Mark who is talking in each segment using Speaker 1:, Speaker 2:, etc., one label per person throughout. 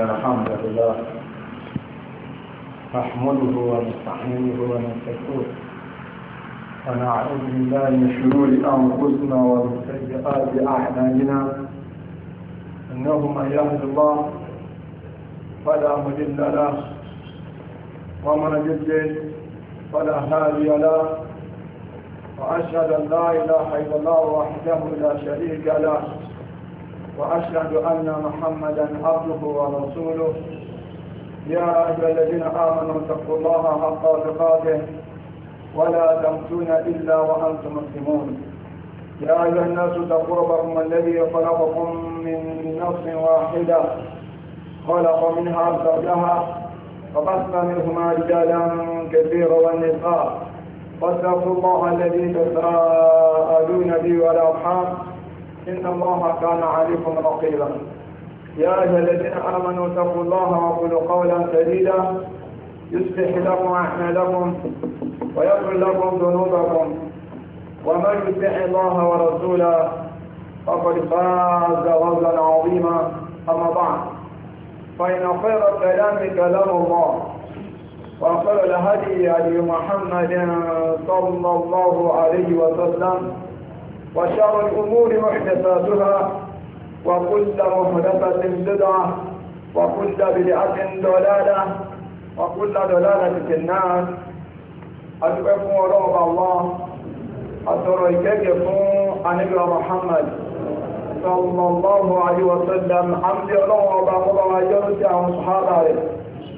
Speaker 1: الحمد لله نحمده ونستعينه ونستغفره ونعوذ بالله من شرور أنفسنا ومن سيئات أعمالنا إنه من يهد الله فلا مضل له ومن يضلل فلا هادي له وأشهد أن لا إله إلا الله وحده لا شريك له وأشهد أن محمدا عبده ورسوله يا أيها الذين آمنوا اتقوا الله حق تقاته ولا تموتون إلا وأنتم مسلمون يا أيها الناس اتقوا ربكم الذي خلقكم من نفس واحدة خلق منها زوجها وبث منهما رجالا كثيرا ونساء واتقوا الله الذي تساءلون به والأرحام إن الله كان عليكم رقيبا يا أيها الذين آمنوا اتقوا الله وقولوا قولا سديدا يصلح لكم أعمالكم ويغفر لكم ذنوبكم ومن يطع الله ورسوله فقد فاز فوزا عظيما أما بعد فإن خير الكلام كلام الله وخير الهدي هدي محمد صلى الله عليه وسلم وشر الأمور محدثاتها وكل محدثة بدعة وكل بدعة ضلالة وكل ضلالة في النار أتبعكم ورغب الله أتركك فون عن محمد صلى الله عليه وسلم عمد الله وبعض الله يرجع صحابه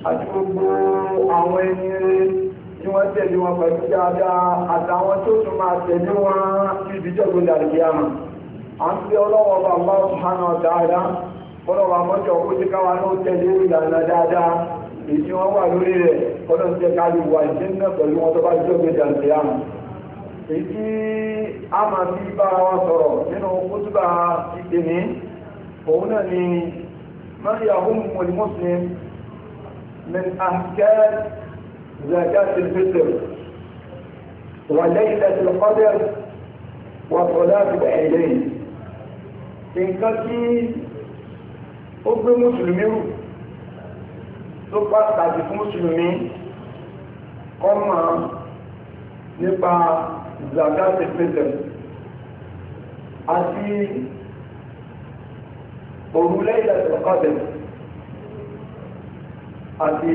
Speaker 1: أتبعوا عويني tí wọ́n tẹ̀lé wọn pẹ̀lú dáadáa àtàwọn tó tún máa tẹ̀lé wọn sí ìdíjọ́gbó dàríyàmà à ń fi ọlọ́wọ́ bàbá ọ̀hánà dáadáa ọlọ́wọ́ àmọ́jọ ó ti káwa náà tẹ̀lé ìlànà dáadáa èyí wọ́n wà lórí rẹ̀ ọlọ́run ká lè wà ìdí náà pẹ̀lú wọn tó bá èyí a máa fi bára wa sọ̀rọ̀ nínú kútùbà òun náà ni mọ̀lẹ́mọ́sìn زكاة الفطر وليلة القدر وصلاة العيدين nǹkan tí ó gbé mùsùlùmí rù tó pàtàkì fún mùsùlùmí kọ́ mọ̀ nípa zakat al-fitr àti òrùlé ìlàsọ̀kọ́dẹ̀ àti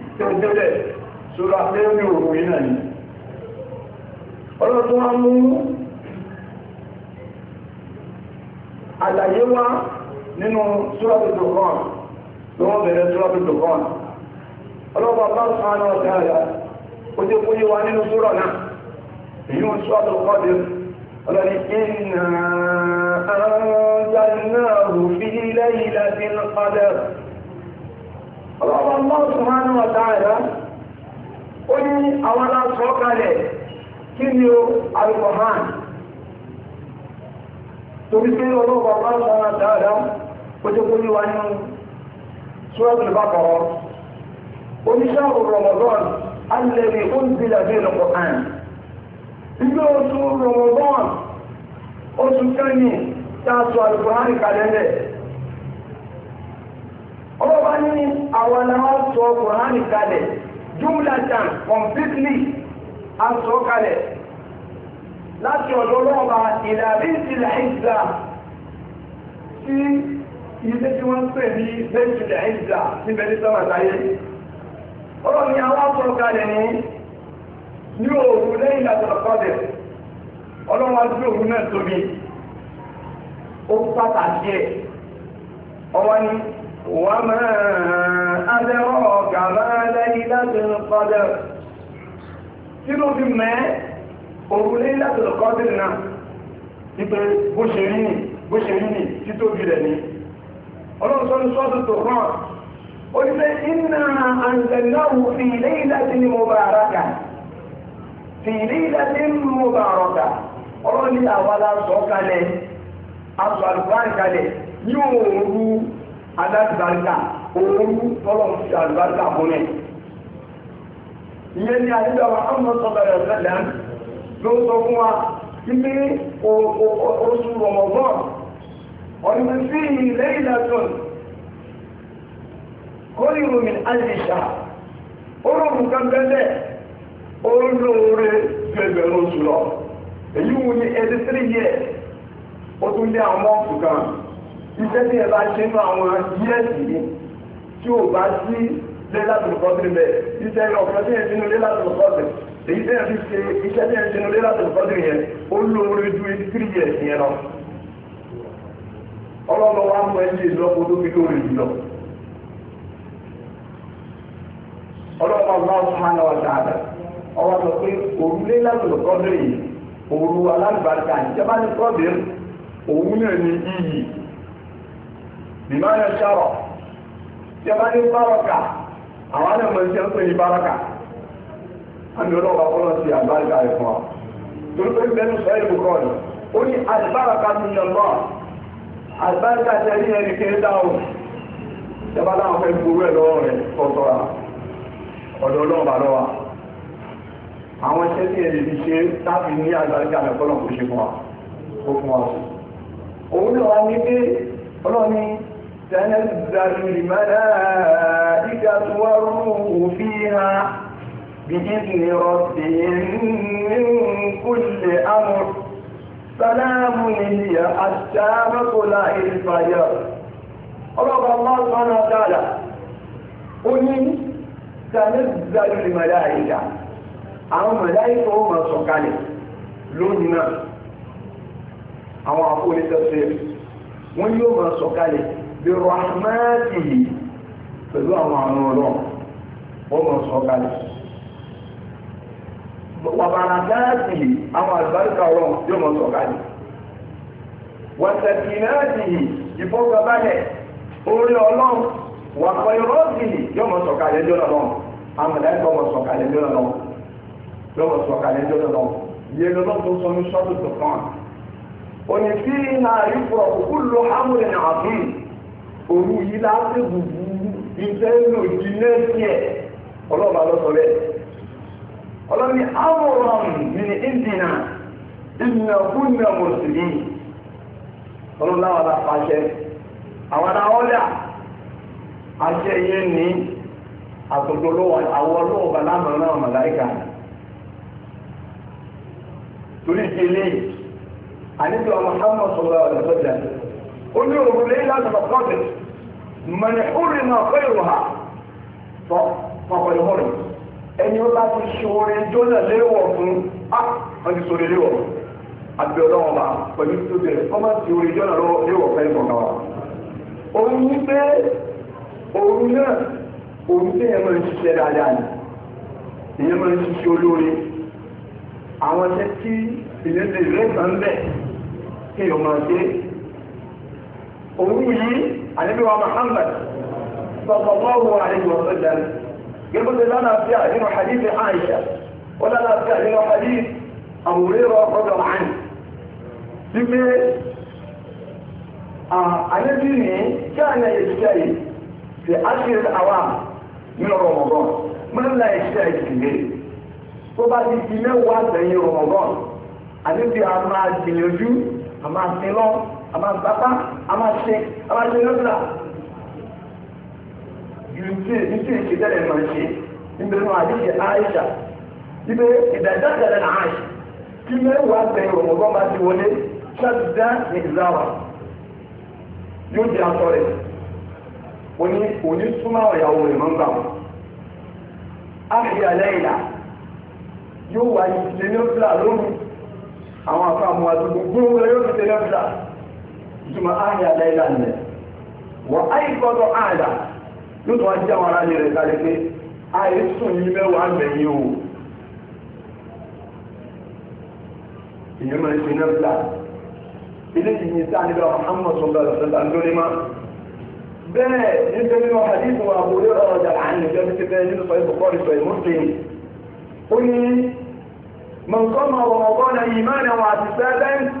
Speaker 1: tẹ́lẹ̀ sórí afẹ́rí òun iná ni ọlọ́run tó wá mú àlàyé wá nínú sóràtòtò kan tó wọ́n bẹ̀rẹ̀ sóràtòtò kan ọlọ́pàá bá sánà ọ̀tẹ́ àyà ó ti kú yí wa nínú sórà náà èyí ń sóràtò kan dé ọlọ́ni ìnà àjànà òfin lẹ́yìn láti ń padà ọlọ́wọ́ Allah subhanahu wa ta'ala ó ní àwọn aláṣọ kalẹ̀ kí ni o al torí pé ọlọ́wọ́ Allah subhanahu wa ta'ala o ti kú ní wa nínú Suratul ilé oṣù oṣù kẹ́yìn tá a sọ al ọlọ́ba ní àwọn náà sọ kùránì kalẹ̀ jumlatan completely asọ kalẹ̀ láti ọ̀dọ̀ ọlọ́ba ìdàbí ìsìlẹ̀ si sí ilé tí wọ́n pè ní bẹ́ẹ̀tìlẹ̀ ìgbà ni àwọn sọ kalẹ̀ ní ní òru lẹ́yìn àtọ̀kọ́dẹ̀ ọlọ́wọ́ sí òru náà tóbi ó pàtàkì ẹ̀ ọwọ́ ni وما أدراك ما ليلة القدر sínú fi mẹ́ òrùlé láti lọ́kọ́ dìrì náà wípé bó ṣe rí nì bó ṣe rí nì tí rẹ̀ ní ọlọ́sọ́nù sọ́ọ̀tù tó hàn ó ti pé iná fi ilé ìlàtí ni mo bá ara kà fi ilé ni mo bá kà ọlọ́ni àwọn aláṣọ kalẹ̀ aṣọ àlùkò àǹkalẹ̀ yóò rú alábìbáríkà òun tọ́lọ̀ ń fi àlùbáríkà fún ẹ̀. ìyẹn ni àdúgbò wa ọmọ sọ̀rọ̀ rẹ̀ sẹ́lẹ̀ ló sọ fún wa ibi oṣù rọmọgbọ́n ọ̀nà sí ilé ìlàtún kórìrò mi àyíṣà orògùn kan bẹ́ẹ̀ olóore gbẹgbẹ̀rún oṣù lọ èyí wù ní eighty years ó tún lé àwọn ọ̀sùn kan iṣẹ́ tí ẹ bá ṣe nínú àwọn yíẹ̀sì yìí tí ò bá sí lẹ́làtọ̀ kọ́sìrì bẹ́ẹ̀ iṣẹ́ ọ̀kan tí ẹ ṣe nínú lẹ́làtọ̀ kọ́sìrì èyí tẹ́yà fi ṣe iṣẹ́ tẹ́yà ṣe nílé láti ìfọ́dún yẹn ó lóore ju eighty three years yẹn lọ. ọlọ́lọ́ wa mọ ẹni ìlọ́po tó fi lóore jù lọ. ọlọ́pàá ọba ọ̀sánà wà dáadáa ọwọ́ sọ pé òrùlé láti ìfọ́dún yìí òru alágbàdà ní kọ́ọ̀dù òun náà ní iyì bìmánà sọ̀rọ̀ tí a bá ní bárọ̀kà àwọn àdàmọ tí a ń pè ní bárọ̀kà àmì ọlọ́wọ́ akọ́lọ́ ti àgbáríkà rẹ̀ fún wa torí pé bẹ́ẹ̀ sọ èbù kọ́ ni ó ní àlùbáràkà ti yàn lọ àlùbáràkà ti ẹni ẹni kéré dáhùn tí a bá dáhùn fẹ́ gbowó ẹ̀ lọ́wọ́ rẹ̀ tọ́tọ́ ra ọ̀dọ̀ ọlọ́wọ́ bá àwọn iṣẹ́ tí ẹni fi ṣe láti ní àgbáríkà rẹ̀ fọ́lọ́ kò ṣe fún wa ó fún wa òun lọ́wọ́ ní pé ọlọ́ni تنزل الملائكة والروح فيها بإذن ربهم من كل أمر سلام هي حتى مطلع الفجر رب الله سبحانه وتعالى قل تنزل الملائكة àwọn mọ̀láìkọ̀ ó máa sọ̀kalẹ̀ lónìí náà àwọn àpò onítẹ̀sẹ̀ wọ́n bí rahmati yìí pẹ̀lú àwọn àrùn ọlọ́run wọ́n mọ̀ sọ kalẹ̀. wàbàrà dáàtì yìí àwọn àlùbáríkà ọlọ́run yóò mọ̀ sọ kalẹ̀. wàtẹ̀kì náàtì yìí ìfọ̀kànbalẹ̀ orí ọlọ́run wàkọ̀ ìrọ́ọ̀tì yìí yóò mọ̀ sọ kalẹ̀ jọ́nà lọ́wọ́ àmọ̀lẹ́kọ̀ mọ̀ sọ kalẹ̀ òru yìí láti bùbù iṣẹ́ ń lò di lẹ́sìn ọlọ́ọ̀bà ló sọ bẹ́ẹ̀ ọlọ́ni àwòrán mi ní ìdìnnà ìdìnnà fún ìmọ̀ mùsùlùmí ọlọ́lá wa la pàṣẹ àwọn àwọ̀dà àṣẹ yẹn ní àtòkòlówó àwọn ọlọ́ọ̀bà lánàá náà màláìka torí ìdílé àníbi ọmọ hàmọ́ sọ̀rọ̀ sọ́jà ó ní òrùlé láti ọ̀pọ̀ ọ̀dọ́. من حرم خيرها فقد حرم ẹni ó bá ti ṣoore tó náà léwọ̀ fún á wọ́n ti ṣoore léwọ̀ àbí ọlọ́wọ́n bá pẹ̀lú tó bẹ̀rẹ̀ wọ́n máa ti oore tó náà léwọ̀ fẹ́ ìfọ̀kà wa. òun ní pé òun náà òun tí èèyàn máa ṣiṣẹ́ dáadáa ni èèyàn ṣiṣẹ́ olóore àwọn ṣe bẹ̀ kí ṣe. òun yìí ànábì wa Muhammad sallallahu alayhi wa sallam gẹ́gẹ́ bí lálàáfíà nínú hadith Aisha ó lálàáfíà nínú hadith àwòrán ọ̀rọ̀ àánì sí pé ànábì ní kí àná ìṣiṣẹ́ yìí ṣe àṣírí àwa nínú Ramadan mẹ́rin náà ìṣiṣẹ́ yìí sì lé tó bá ti di mẹ́wàá sẹ́yìn Ramadan ànábì a máa gbìyànjú a máa sin lọ́wọ́ a máa gbapá a máa ṣe a máa ṣe lọ́dúnrà ìlú tí ìṣe tẹ́lẹ̀ máa ṣe níbi tí wọ́n àdéhìí àìṣà ibi ìdájọ́ tẹ̀lé náà àìṣà kí mẹ́wàá bẹ̀rẹ̀ òmùgọ́ máa ti wọlé ṣáàtìdá ní ìzáwà yóò di aṣọ rẹ̀ òní òní súnmọ́ ìyàwó rẹ̀ máa ń gbà wọ́n. áfíà lẹ́yìnlá yóò wáyé lẹ́nẹ́fìlà lónìí àwọn àfàmù àti gbogbo rẹ̀ yóò fi lẹ́nẹ́fìlà ìtumọ̀ àyà lẹ́yìnlá nìyẹn wọ́n ayé gbọ́dọ̀ àyà yóò tún wá jẹ́ àwọn aráàlú rẹ̀ kálí pé ayé sùn yín mẹ́wàá mẹ́yìn o ìyẹn máa ń ṣe náà fúlà ilé yìí ní sáà nígbà Muhammad sọ̀rọ̀ lọ́sọ̀tà lórí ma bẹ́ẹ̀ nígbà nínú hadithu wa Abu Hurairah ọ̀dà àánú jẹ́ bí kébẹ́ nínú sọ̀rọ̀ Bukhari sọ̀rọ̀ Muslim ó ní man qama Ramadan imanan wa ihtisaban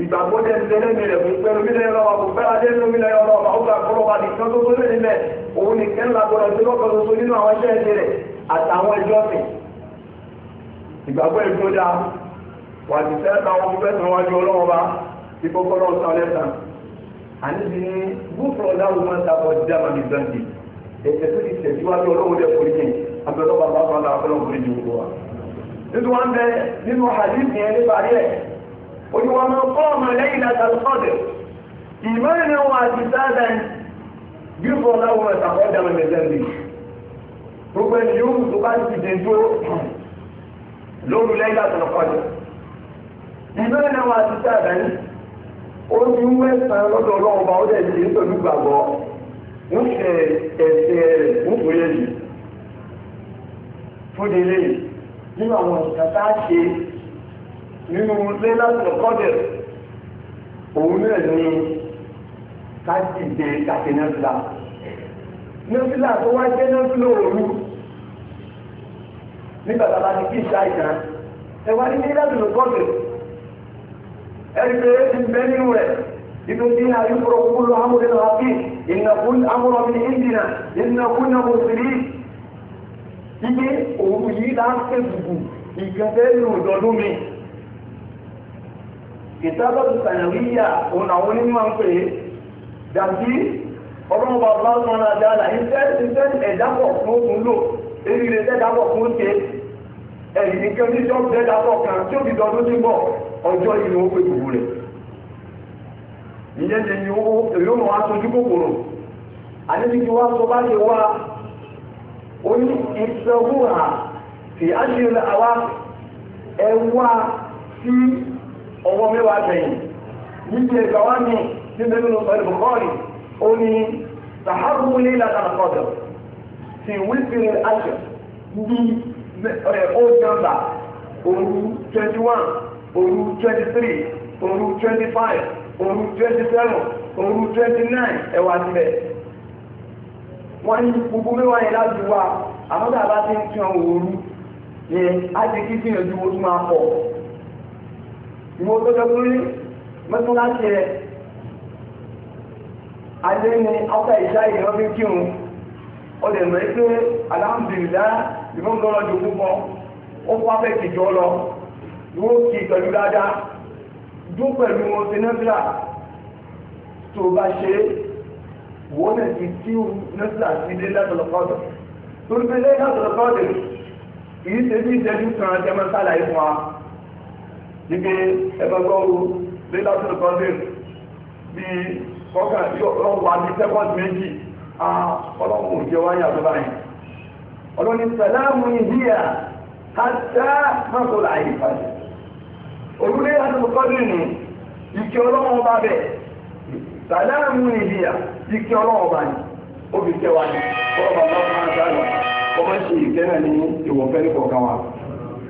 Speaker 1: ìgbàgbọ́ jẹ́ ti tẹ́lẹ̀ mi rẹ̀ fún pẹ́lú mílẹ̀ ọlọ́wà kò fẹ́ adé nínú mílẹ̀ ọlọ́wà ó gbà kọ́ lọ́wà nìkan tó tó lẹ́nu mẹ́ òun nìkan lágbọ́dọ̀ tí lọ́kọ̀ tuntun nínú àwọn iṣẹ́ ẹ̀jẹ̀ rẹ̀ àtàwọn ẹjọ́ mi. ìgbàgbọ́ ẹ̀ tó dáa wà ti fẹ́ ta wọn fẹ́ tán wájú ọlọ́wọ́ bá ti kọ́kọ́ lọ́wọ́ sọ lẹ́sàn. àníbi ní ومن قام ليلة القدر إيمانا واحتسابا يغفر له ما تقدم من ذنبه gbogbo ẹni yóò tó bá ti dè tó lóru lẹ́yìn àtàlọ́ kọ́lé ìlú ẹ̀ náà wà á ti tẹ́ àdáyé ó ti ń wẹ́sàn lọ́dọ̀ ọlọ́run bá ó dẹ̀ pẹ̀lú gbàgbọ́ ń ṣe ẹ̀ṣẹ̀ rẹ̀ ń kúrò yẹn jù fún nínú àwọn ìtàn ṣe nínú lẹ́lásìlẹ̀ kọ́dẹ̀ òun náà ní kájíde kàtẹ́nẹ́fìlà nẹ́fìlà tó wá jẹ́ nẹ́fìlà òru nígbà tá a bá ti kí ìṣá ìjà ẹ wá ní lẹ́lásìlẹ̀ kọ́dẹ̀ ẹni pé ń bẹ nínú rẹ̀ ìdòtí àyùkúrò kúlù amúlẹ̀ lọ́wọ́ ìnàkún amúrọ̀ mi ìdìnnà ìnàkún náà mo sì rí ibi òun yìí láti ṣe gbùgbù ìgbẹ́fẹ́ lòdọ̀dún mi. kìtàbọ̀tù sànàwíyà òun àwọn onímọ̀ ń pè é dàbí ọlọ́run bá bá wọn náà dáadáa iṣẹ́ iṣẹ́ ẹ̀dápọ̀ fún òun lò èyí lè fún ẹ̀yìn nìkan ní kan tí ó fi dọdún sí bọ̀ ọjọ́ yìí ni ó pè gbogbo rẹ̀ ìyẹn lè ní owó èyí ó wá sojú kòkòrò wá sọ bá ṣe wá oní hà àwa ẹ̀wá sí ọwọ́ mẹ́wàá gbẹ̀yìn níbi ẹ̀gbà wá ní níbi ẹ̀gbà pẹ̀lú bukọ́ọ̀lì ó ní sàhárù ní ìlànà àkọ́dọ̀ ti wípé àjọ ní ọjọ́gbà òru twenty one òru twenty three òru twenty five òru twenty seven òru twenty nine ẹ̀wà síbẹ̀ wọ́n ní gbogbo mẹ́wàá yẹn láti wá àmọ́ bá ti ń tún àwọn òru yẹn á ti kí gbìyànjú oṣù máa pọ̀ mo lọ́jọ́ pé mọ́sálásí ẹ̀ adé ni ọ̀pá ìṣá ìyẹn fi kírun ó lè mọ̀ pé aláǹdìrìlá ìfún lọ́rọ̀ ju púpọ̀ ó kó afẹ́ kìjọ lọ wọ́n kì í pẹ̀lú dáadáa dún pẹ̀lú wọn sí nẹ́fìlà tó bá ṣe wọ́n lè ti tí nẹ́fìlà sí ilé látọ̀lọ́kọ́dọ̀ torí pé lẹ́yìn látọ̀lọ́kọ́dọ̀ kì í ṣe bí ìṣẹ́jú kan jẹ́mọ́sálà ìfún wa. níbi ẹgbẹ́gbọ́wó lélásìlò kọ́ndẹ̀rì bí kọ́kà yóò wà ní sẹ́kọ́ndì méjì ọlọ́run òjò wáyà tó báyìí ọlọ́ni sàlámù ìhíyà hàtà mọ́tòlá àyípadà òrùlé lásìlò kọ́ndẹ̀rì ni ìkẹ́ ọlọ́run bá bẹ̀ sàlámù ìhíyà ìkẹ́ ọlọ́run bá ní ó kẹwàá ní ọlọ́run bá bá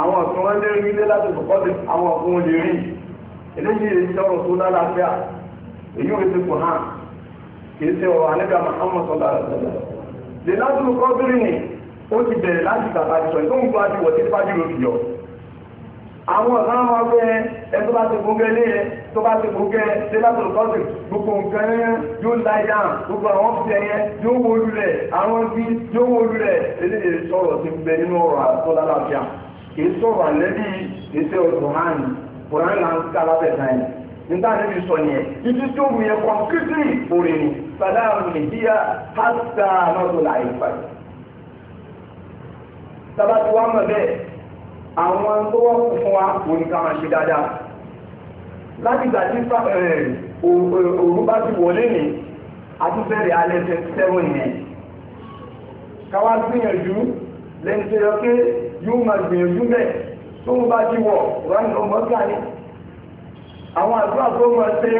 Speaker 1: àwọn ọ̀sán wọn lé rí lé láti kọ́kọ́ sí àwọn ọ̀sán wọn lè rí eléyìí èyí sọ̀rọ̀ tó lálàáfíà èyí ò ti kù hàn kì í ṣe ọ̀rọ̀ àlẹ́gà Muhammad sọ̀dọ̀ àlẹ́ lè láti kọ́ bírí ni ó ti bẹ̀rẹ̀ láti tàbá ti sọ ètò ń gba ti wọ̀ sí fájú ló fi yọ. àwọn ọ̀sán wọn fẹ́ ẹ tó bá ti kún gẹ́ lé ẹ tó bá ti kún gẹ́ lé láti kọ́ sí gbogbo nǹkan yóò láì dáhùn gbogbo àwọn fìdí ẹyẹ yóò wọlú rẹ̀ àwọn ti yóò wọlú rẹ̀ eléyìí sọ̀rọ̀ ti bẹ nínú ọ̀rọ̀ àtọ́lá láàfíà. kìí sọ̀rọ̀ àlẹ́bí kìí ṣe kùrán náà ń ká nígbà níbi sọ yẹn ibi tó mu yẹn kọ́ńkírìtì òrè ni sàdáàmù nìjíríà hàtà lọ́dún láì fàyè. sábà tí wàá mọ̀ bẹ́ẹ̀ àwọn tó wọ́n kú fún wa kò ní ká máa ṣe dáadáa. láti tí òru bá ti wọlé ni àtúbẹ̀rẹ̀ alẹ́ twenty seven yẹn káwá gbìyànjú lẹ́nu tó yọ pé yóò máa gbìyànjú bẹ́ẹ̀ tó ń bá ti wọ̀ ránì ọmọ ká ní. àwọn àdúrà tó máa ṣe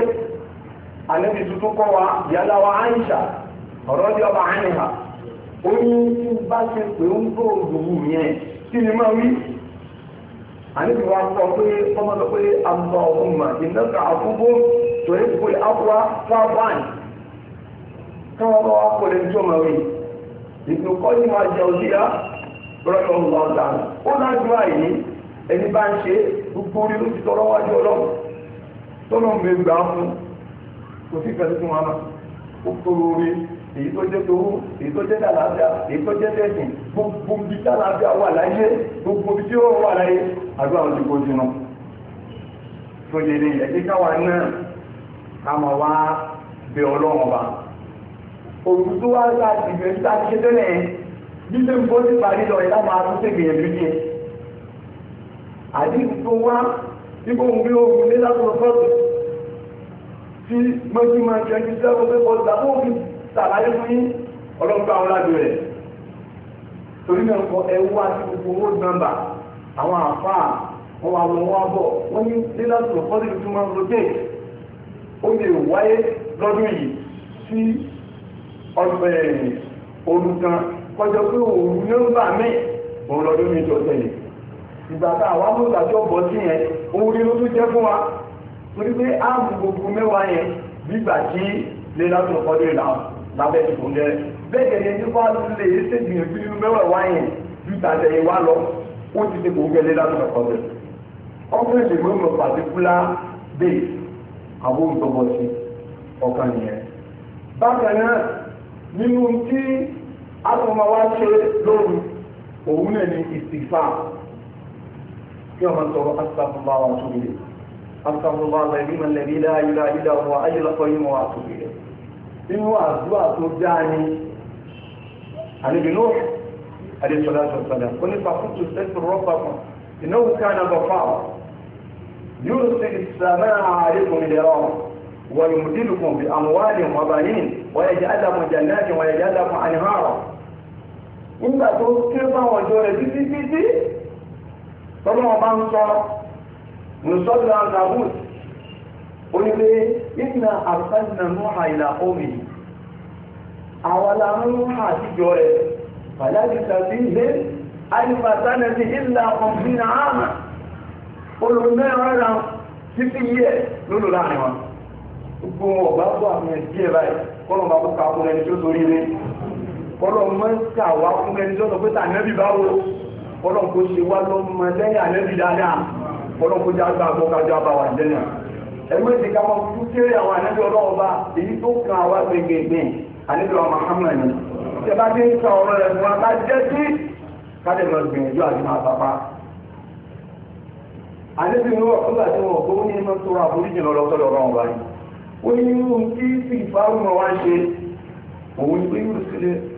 Speaker 1: àlẹ́bí tuntun kọ́ wa yàrá wa àyíṣà ọ̀rọ̀ ọba àyíṣà ó ní tí bá ṣe pé ń tó òdòwú yẹn kí ni máa wí. àlẹ́bí wa sọ pé pé ọ̀hún mà káwọn bá kọ́ lẹ́jọ́ máa lọ́dọ̀ ọ̀hún ọ̀dà ó lágbára yìí ẹni bá ń ṣe gbogbo orí ló ti tọrọ wájú ọlọ́run tọ́nà mi gbà fún kò sí ó tóró èyí tó jẹ́ èyí tó jẹ́ èyí tó jẹ́ tẹ̀sìn gbogbo ibi dàlàáfíà wà láyé gbogbo ibi tí ó wà láyé àdúrà ẹ̀jẹ̀ káwa náà ká wá ọlọ́run ọba òkú tó wá láti bí pé nǹkan ti parí lọ ìlà máa tún ṣègbìyànjú díẹ̀ àdínkù tó wá nígbà òun bí ogun ní láti lọ sọ́ọ̀tù tí mọ́jú máa jẹ́ ní sẹ́wọ́n pé bọ́ọ̀lù tàbí òfin tàbáyé fún yín ọlọ́gbà àwọn ládùn rẹ̀ torí náà kọ ẹwú àti gbogbo owó nọ́mbà àwọn àfáà wọn wà wọn wá bọ̀ wọ́n ní nílá tó kọ́lé tó máa ń lo déètì ó lè wáyé lọ́dún yìí sí ọdún olùkan kọjọ pé òun ní ń gbà mí òun lọ́dún mi jọ tẹ̀lé ìgbà tá àwa mú ìdájọ́ bọ́ sí yẹn orí ló tún jẹ́ fún wa torí pé áàmù gbogbo mẹ́wàá yẹn gbígbà tí lè látọ̀ ọdún ìlànà lábẹ́ ìfún jẹ́ bẹ́ẹ̀ gẹ́gẹ́ ní wàá lè ṣègbìyànjú nínú mẹ́wàá wá yẹn ju tàtẹ̀yìn wá lọ ó ti ṣe kò ń gẹ́lé látọ̀ ọdún ọkùnrin ìdìbò ń lọ pàtíkúlá bẹ́ẹ̀ àwọn òǹtọ́bọ̀ sí ọkàn yẹn bákan náà nínú tí àwọn ọmọ wa ṣe lóru òun náà ni ìsìfà kí ọmọ sọ̀rọ̀ asàfùlà wà tó ilé asàfùlà lẹ́bí mà lẹ́bí ilá ilá ilá wà ayélujára yìí wà tó ilé inú àdúrà tó dáa ni àlejò náà àlejò sọ̀rọ̀ sọ̀rọ̀ ó ní fàkútù sẹ́sì rọ́bà kan ìnáwó kánà bàfà yóò ṣe ìsàmẹ́ àárẹ̀kùn ìdẹ̀rọ̀ wọ̀nyí mùdílùkùn bí àmúwálì wọ̀bàyìn wọ̀nyí jẹ́ àdàmù jẹ́ náà jẹ́ wọ̀nyí jẹ́ àdàmù àníhàrọ̀ nígbà tó ké fáwọn ọjọ́ rẹ̀ títí títí tọ́lọ́wọ́n bá ń sọ nùsọ́dúnrún àgàbùs onílé ìgbà àbúkánná nùhà ìlà omi àwọn làwọn nùhà àtijọ́ rẹ̀ fàlàdì tàbí ilé alifasanati ìlà ọ̀gbìnà àmà olùmẹ́rọ̀rà títí yẹ lólùláàrin wọn gbogbo ọgbà bọ àwọn ẹbí ẹ báyìí kọ́nà bá kó kakú ẹni tó torí rẹ̀. kọ́lọ́ máa ń kà wá fún ẹni tó sọ pé tànẹ́bì báwo kọ́lọ́ kó ṣe wá lọ́mọ lẹ́yìn ànẹ́bì dáadáa kọ́lọ́ kó já gbà kó lẹ́yìn ká kéré àwọn ànẹ́bì èyí tó kan ànẹ́bì wa Muhammad ṣe bá ń ka ọrọ rẹ̀ fún wa bá jẹ́ sí káde lọ gbìyànjú àti máa ànẹ́bì ní wọ́n kó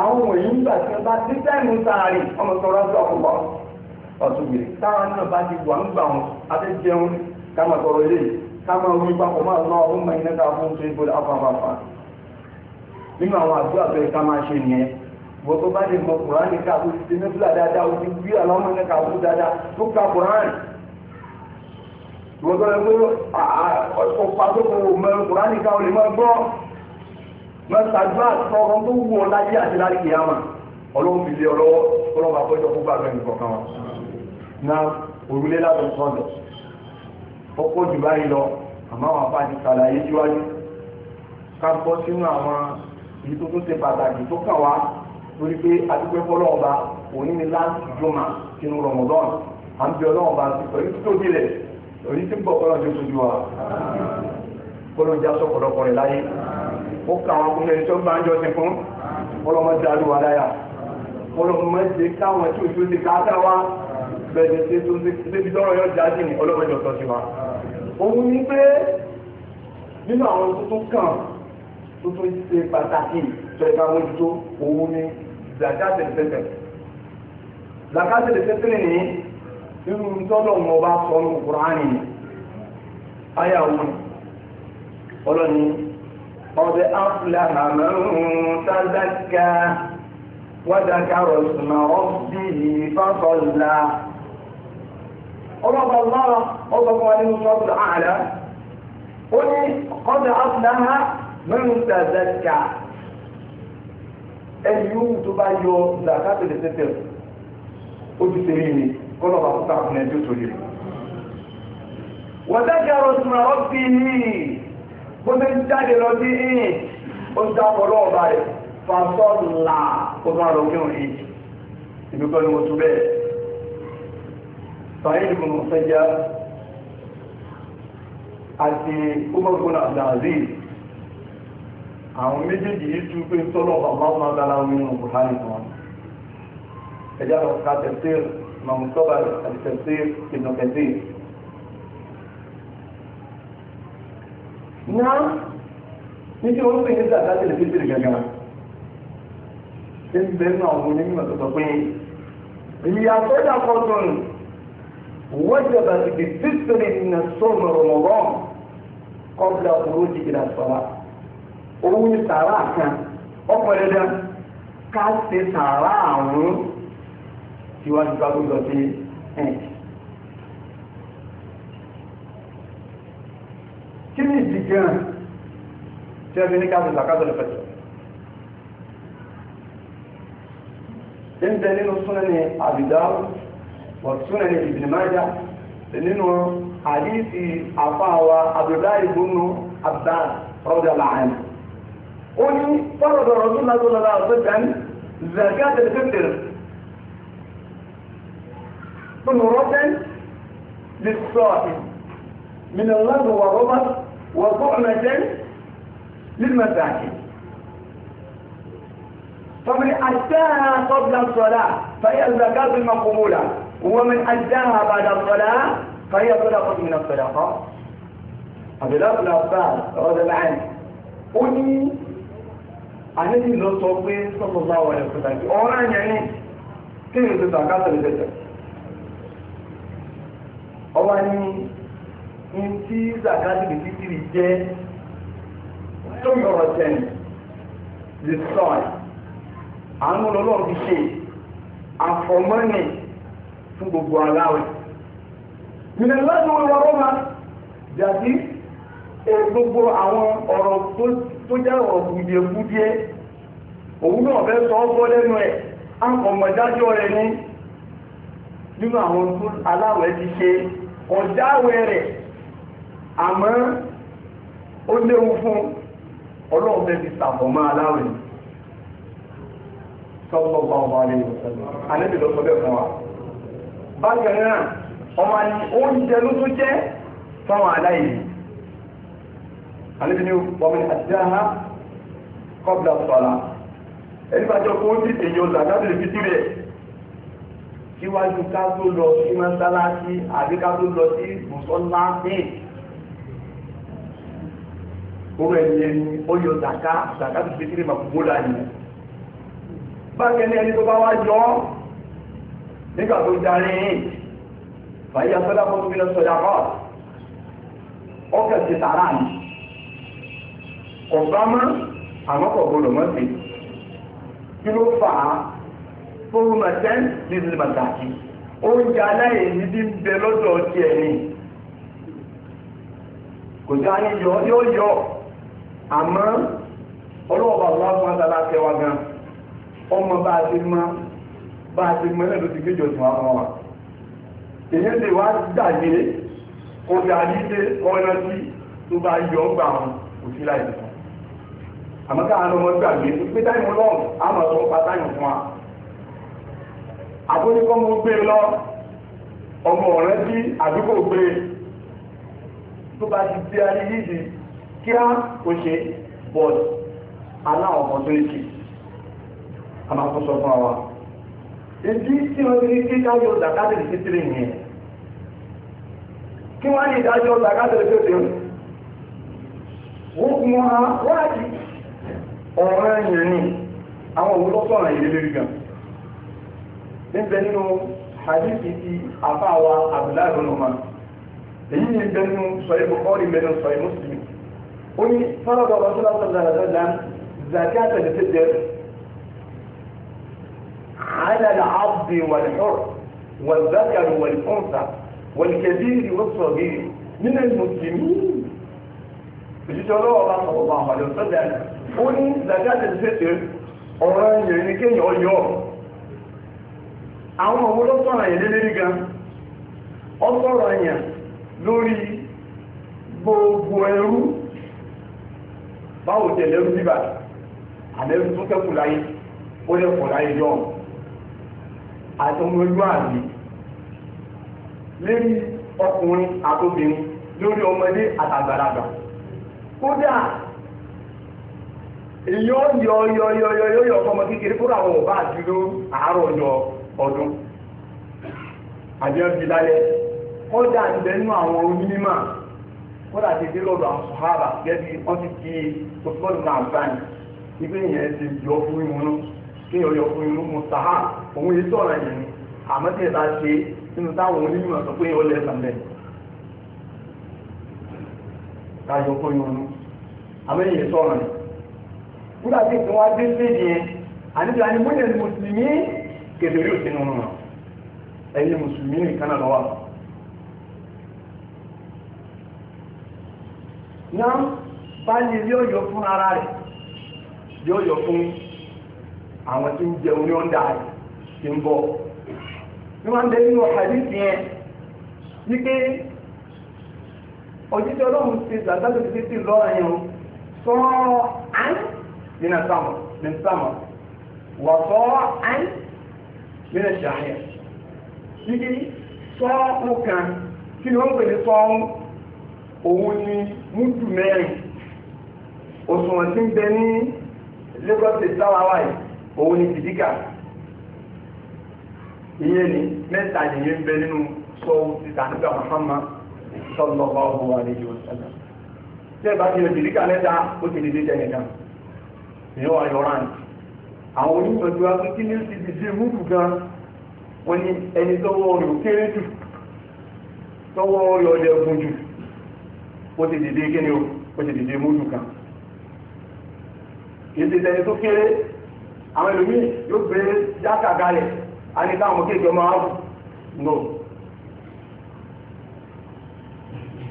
Speaker 1: àwọn wọ̀nyí ń gbà tí wọ́n bá dé táìmù sáàrì ọmọ sọ̀rọ̀ sí ọ̀pọ̀ ọ̀tún táwọn náà bá ti wà ń gbà wọn adé jẹun ká máa ilé ká máa papọ̀ máa lọ ọdún mẹ́rin náà káà fún tóyìnbó afáfáfá nínú àwọn àdúrà tó yẹ ṣe nìyẹn wọ́n tó bá lè mọ kùránì ti ní fúlà dáadáa ti ka kùránì wọ́n tó mọ̀tàdúrà tọrọ tó wù ọ láyé àti láyé kìyàmà ọlọ́run fi lé ọlọ́wọ́ ọlọ́run àkọ́jọ́ fún gbàgbẹ́ nìkan kan wa. na òrùlé lábẹ́ sọ́dọ̀ ọkọ̀ jù báyìí lọ àmọ́ àwọn afáàdì sàlàyé síwájú ká bọ́ sínú àwọn èyí tó tún ṣe pàtàkì tó kàn wá torí pé adúgbò fọlọ́ ọba òní ni láti jọmọ sínú rọmọdọ́n à ń bẹ ọlọ́run ọba sí pẹ̀lú títóbi rẹ̀ òní tí ń bọ̀ kọ́lọ́ ó kà wọn kó lẹ́yìn tó bá ń jọ́sìn fún ọlọ́mọ dàlú wa láyà ọlọ́mọ ṣe káwọn tí òṣù ti káàtà wa bẹ̀rẹ̀ ṣe tó débi tọ́rọ yọ jáde ní ọlọ́mọ ìjọsọ sí wa. òun ni pé nínú àwọn tuntun kan tuntun ṣe pàtàkì tẹ̀ka mójútó òun ni zakate tẹ̀tẹ̀. zakate tẹ̀tẹ̀ ni irú tọ́lọ̀ wọn bá sọ ní Kùránì ayáwó ọlọ́ni. قد أفلح من تزكى وذكر اسم ربه فصلى رب الله أصدق عليه الصبر أعلى قل قد أفلح من تزكى ẹyú tó bá yọ zakat lè tètè ó ti tèmi ni kó lọ́ba tó ta fún ẹjọ́ tó yẹ. wọ́n dákẹ́ ọ̀rọ̀ sùnmọ́ bó ṣe ń jáde lọ sí ìyìn ó ń dákọ̀ lọ́ọ̀bá rẹ̀ fasọ́là ó tún àrò kírun yìí ìdúgbò ni mo tún bẹ́ẹ̀. sàyìn ìgbìmọ̀ mọ̀sẹ́já àti ọmọkùnrin àdàzí àwọn méjèèjì yìí tún pé sọ́lọ̀ ọ̀báwọn agbára nínú kùhánì kan ẹ̀já lọ ká tẹ̀síìr mọ̀mùsọ́bà àti tẹ̀síìr ìdùnkẹ̀síìr náà ní kí wọ́n pè ní zaka tẹ̀lé títí gàgà ṣé ń bẹ́ẹ̀ náà wọ́n ní mímọ̀ tó sọ pé ìyàtọ̀ dàpọ̀ tó nù wọ́n jẹ́ bàtí bí fífèrè nà sọ́mọ̀ rọ̀mọ̀rọ̀ kọ́bla kúrò jìgìdà sọ́la owó ní sàrà kan ọkọ̀ dẹ́dẹ́ ká ṣe sàrà àrùn tiwájú bá gbọdọ̀ sí ẹ̀. kí ni ìdí gan tí ẹbí ní káàbù zakato lè fẹsọ ń bẹ nínú súnani àbìdáwò wọ súnani ìbìnmájà nínú àdìsí àfáàwà abdullahi ibùnú abdal rọjà làánà ó ní fọlọdọ rọdún lásán lọ sọ jàn zakato lè fẹsọ fún rọdún lè sọ min Allah wa Robert وطعمة للمساكين فمن أداها قبل الصلاة فهي الزكاة المقبولة ومن أداها بعد الصلاة فهي صدقة من الصدقات هذا الله بن عباس رضي الله عنه ó ní àníbi ló sọ pé sọ́kọ̀ọ́sọ́ àwọn ẹ̀rọ pàtàkì ọ̀rọ̀ àyàn ní kí ni ntí zakati lè fitiri jẹ́ two euro ten the soil àánú lọ́lọ́run fi ṣe àfọ̀mọ́nì fún gbogbo aláwẹ̀. Ìrìn láti wọ́n wọ́n máa jàdí e gbogbo àwọn ọ̀rọ̀ tó jẹ́ ọ̀rọ̀ kùdìẹ̀kùdìẹ̀ òun náà fẹ́ sọ ọ́ lẹ́nu ẹ̀ àkọ̀mọ̀dájọ́ rẹ̀ ní nínú àwọn aláwẹ̀ ti ṣe ọ̀dáwẹ̀ rẹ̀ àmọ́ ó léwu fún ọlọ́run fẹ́ fi sàbọ̀ máa láwẹ̀ sọ́kọ̀ bá wà ní ànábì ló sọ bẹ́ẹ̀ fún wa. bákan náà ọmọ àti oúnjẹ ló tún jẹ́ fáwọn aláìní ànábì ní ọmọ àti dáhà kọ́bla sọ̀la ẹni bá jọ kó tètè yọ làdábìlì fitiri ẹ̀ síwájú ká tó lọ sí mọ́sálásí àbí ká tó lọ sí mùsọ́lá bẹ́ẹ̀ owó ẹ̀yẹ ni ó yọ zaka zaka tó ti kiri ma gbogbo la yìí bákẹ́ni ẹni tó bá wá yọ nígbà tó darí fàyè asọ́dá fún mi lọ sọ́dá kọ́ ọkẹ́ ti tààrà ni kọ̀ọ̀bá mọ́ àmọ́ kọ̀ gbọdọ̀ mọ́ sí kí ló fà á fóun ma tẹ́ ní ìdílé ma dàkí oúnjẹ aláìní bí ń bẹ lọ́dọ̀ ọtí ẹ̀ ni kò sí àníyọ yóò yọ àmọ́ ọlọ́wọ́ bá wà fún àtàlà kẹwàá gan ọmọ bá a ti mọ bá a ti mọ ẹlẹ́nu ti gbéjọ sùn àwọn wa èyí lè wá dàgbé kò dàgbé dé ọ̀nà tí tó bá yọ ọgbà wọn kò sí láì sùn àmọ́ káwọn ọmọ gbàgbé pé táyìmù lọ́wọ́ àmọ̀ tó ń pa táyìmù fún wa àbójúkọ́ mo gbé lọ ọmọ ọ̀rẹ́ bí àdúgbò gbé tó bá ti dé ayé yìí kíá o ṣe but allow opportunity a máa kó sọ fún wa ìdí tí wọ́n ti ní kí káyọ̀ zakati lè fi yẹn kí wọ́n á ní ìdájọ́ zakati lè fi tiri wọ́n kún wọn á wọ́n ọ̀rọ̀ ẹ̀yìn àwọn lórí gan níbẹ̀ nínú hadithi ti abdullahi èyí ni bẹ́ẹ̀ nínú sọ̀rọ̀ قل فرض الرسول صلى الله عليه وسلم زكاة الفطر على العبد والحر والذكر والأنثى والكبير والصغير من المسلمين ìjíṣẹ́ ọlọ́wọ́ bá sọ̀rọ̀ bá àwọn àdéhùn sọ́jà ẹ̀ ó ní zakat ṣètò ọ̀rọ̀ ẹ̀yìn ní kéèyàn ọyọ́ àwọn ọmọ ló sọ̀rọ̀ ẹ̀yìn lélẹ́rí gan ọ sọ̀rọ̀ lórí gbogbo ẹrú báwo tẹ lẹ́rú bíbà àlẹ́rú tó kẹ́kù láyé ó lè pọ̀ láyé jọ àtọmọlú àmì lórí ọkùnrin àtòbìnrin lórí ọmọdé àtàgbàlagbà kódà èyí ó yọ yọ yọ yọ yọ yọ ọmọ kékeré kó àwọn ọba àti ló àárọ̀ yọ ọdún kódà ti dé lọ́dọ̀ àwọn sọ̀hábà gẹ́bí wọ́n ti fi osùmọ́lù náà báyìí ibi yẹn ti yọ fún ìmúnú kí yọ yọ fún ìmú mùsàhà òun yìí sọ̀rọ̀ yìí ni àmọ́ tí ṣe nínú táwọn onímọ̀ sọ pé ó lẹ̀ sàmẹ́ ká yọ fún àmọ́ yìí dé yẹn àníbi mùsùlùmí ẹ̀yin mùsùlùmí nìkan náà lọ́wọ́ náà báyìí yóò yọ fún ara rẹ̀ yóò yọ fún àwọn tí ń jẹun ní rẹ̀ tí ń bọ̀ ní wọ́n ń bẹ nínú hadith yẹn wípé òjijì ọlọ́run ti zàzàlù ti ti lọ́ra na sọ́ọ́ án nínú sàmù nínú sàmù wà sọ́ọ́ án nínú sọ́ọ́ kan kí ni òun ni múdù mẹ́rin òṣùwọ̀n tí ń bẹ ní Lagos state sáwáwá yìí òun ni bìdíkà ìyẹn ni mẹ́ta nìyẹn ń bẹ nínú sọ́wọ́ ti tàbíkà Muhammad sallallahu alaihi wasallam tẹ́ bá ti lè bìdíkà mẹ́ta ó ti lè dé jẹ́ nìkan ìyẹn wà yọ̀rọ̀ àná àwọn onímọ̀tò akékeré ti di sí múdù gan wọ́n ní ẹni tọ́wọ́ rẹ̀ ó kéré jù tọ́wọ́ rẹ̀ ọ̀dẹ̀ gùn jù ó ti dìde kíni o ó ti dìde múdù kan kì í ti tẹni tó kéré àwọn ẹlòmíì yóò gbé jáka kalẹ̀ á ní káwọn kéèké máa wù nù.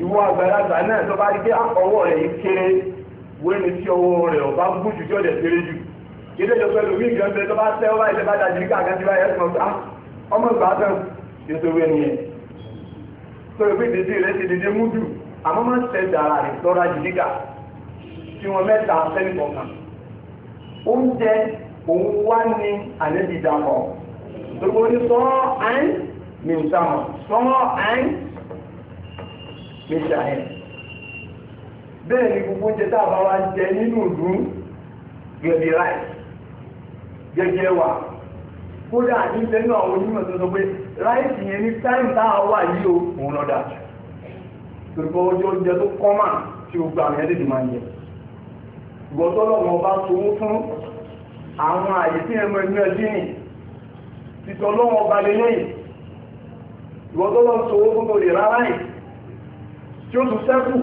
Speaker 1: ìwọ àgbàlagbà náà tó bá rí pé ọwọ́ rẹ̀ yìí kéré wọ́n ní tí ọwọ́ rẹ̀ ọba ń gùn jù tí ó dẹ̀ kéré jù kéde jọ pé lómi tó bá tẹ́ ọba ìlẹ̀ dájú ká àgájú bá yẹ kàn ọmọ ìgbà tán ètò ìwé nìyẹn tó ìpín ìdíje rẹ̀ ti dìde mú jù àmọ́ máa ń tẹ́ dára rẹ̀ lọ́ra jìdígà tí wọ́n mẹ́ta sẹ́ni kọ̀ọ̀kan oúnjẹ òun wá ní àlejò ìdàpọ̀ gbogbo ní sọ́ọ́ àìn mi ò sá mọ̀ sọ́ọ́ àìn mi ṣàyẹ̀ bẹ́ẹ̀ ni gbogbo oúnjẹ tá a bá wá jẹ nínú ìlú gẹ̀ẹ́dì ráì gẹ́gẹ́ wà kódà ní sẹ́nu àwọn onímọ̀ tó sọ pé ráìsì yẹn ní táìmù tá a wà yìí o òun lọ́dà jù tòlùkọ́ ojú oúnjẹ tó kọ́ mà tí gbogbo àwọn ẹ̀dẹ́dì máa ń jẹ. ìgbọ́tọ́ lọ́wọ́ ọba sowó fún àwọn àyè tí ẹ̀mọ ẹ̀mí ẹ̀dí nì títọ́ lọ́wọ́ ọba lè lẹ́yìn ìgbọ́tọ́ lọ́wọ́ sowó fún tòlè rárá yìí tí ó tún sẹ́kù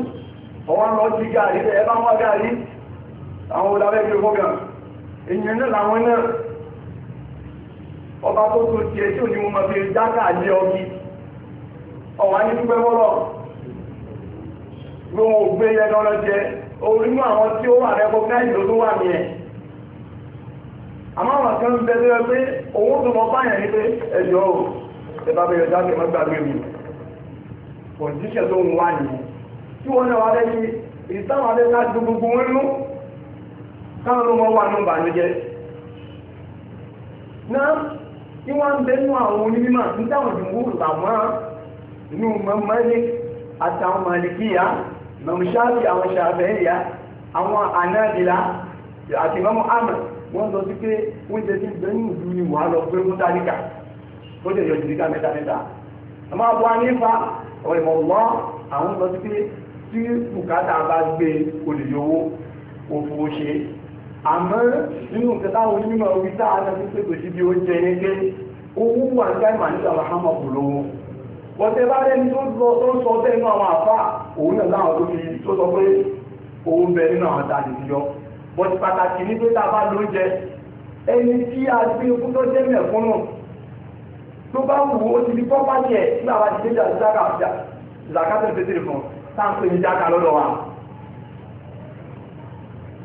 Speaker 1: ọ̀wọ́n lọ sí gàrí ẹ bá wá gàrí àwọn olùdarí ẹgbẹ́ fọ́gà ènìyàn náà làwọn náà ọba tó tó tiẹ̀ tí ò ní mo máa fi bí wọn ò gbé yẹn lọ́rọ́ jẹ òun inú àwọn tí ó wà rẹ́kọ̀gáìdì ló tó wà nìyẹn àmọ́ àwọn kan ń pé tó mọ ní pé o ẹ bẹ̀rẹ̀ jáde má gbàgbé mi pòjíṣẹ̀ tó ń wá nìyẹn tí wọ́n náà wá lẹ́yìn ìtàwọn alẹ́ ká ju gbogbo wọn nú mọ̀mùsáàbì àwọn ṣàfẹ́yà àwọn ànáàdìlá àti mọ́mú àmà wọ́n sọ sí pé oúnjẹ tí bẹ́yìn ìlú ni wà lọ pé wọ́n tálíkà ó lè yọ jìdíkà mẹ́ta mẹ́ta àmọ́ àbọ̀ anífa ọ̀rẹ́ mọ̀ wọ́n àwọn sọ sí pé tí bùkátà bá gbé olùyọwó òfò ṣe àmọ́ nínú nǹkan táwọn onímọ̀ orí sáà náà ti pèsè bí oúnjẹ yẹn pé owó wà ń gáìmà nígbà wàhámà lówó bọ́tẹ́ bá rẹ́ni tó ń sọ tẹ́nu àwọn àfá òun náà láwọn tó fi tó sọ pé òun bẹ nínú àwọn tá a lè fi pàtàkì ní pé tá a bá lóúnjẹ ẹni tí a gbé ikú tó jẹ́ mẹ̀kúnnù tó bá wù ó ti fi pọ́pá jẹ nígbà wá ti dé jà zaka zakatẹ̀ fẹ́tẹ̀rẹ̀ fún táǹpé ní jáka lọ́dọ̀ wa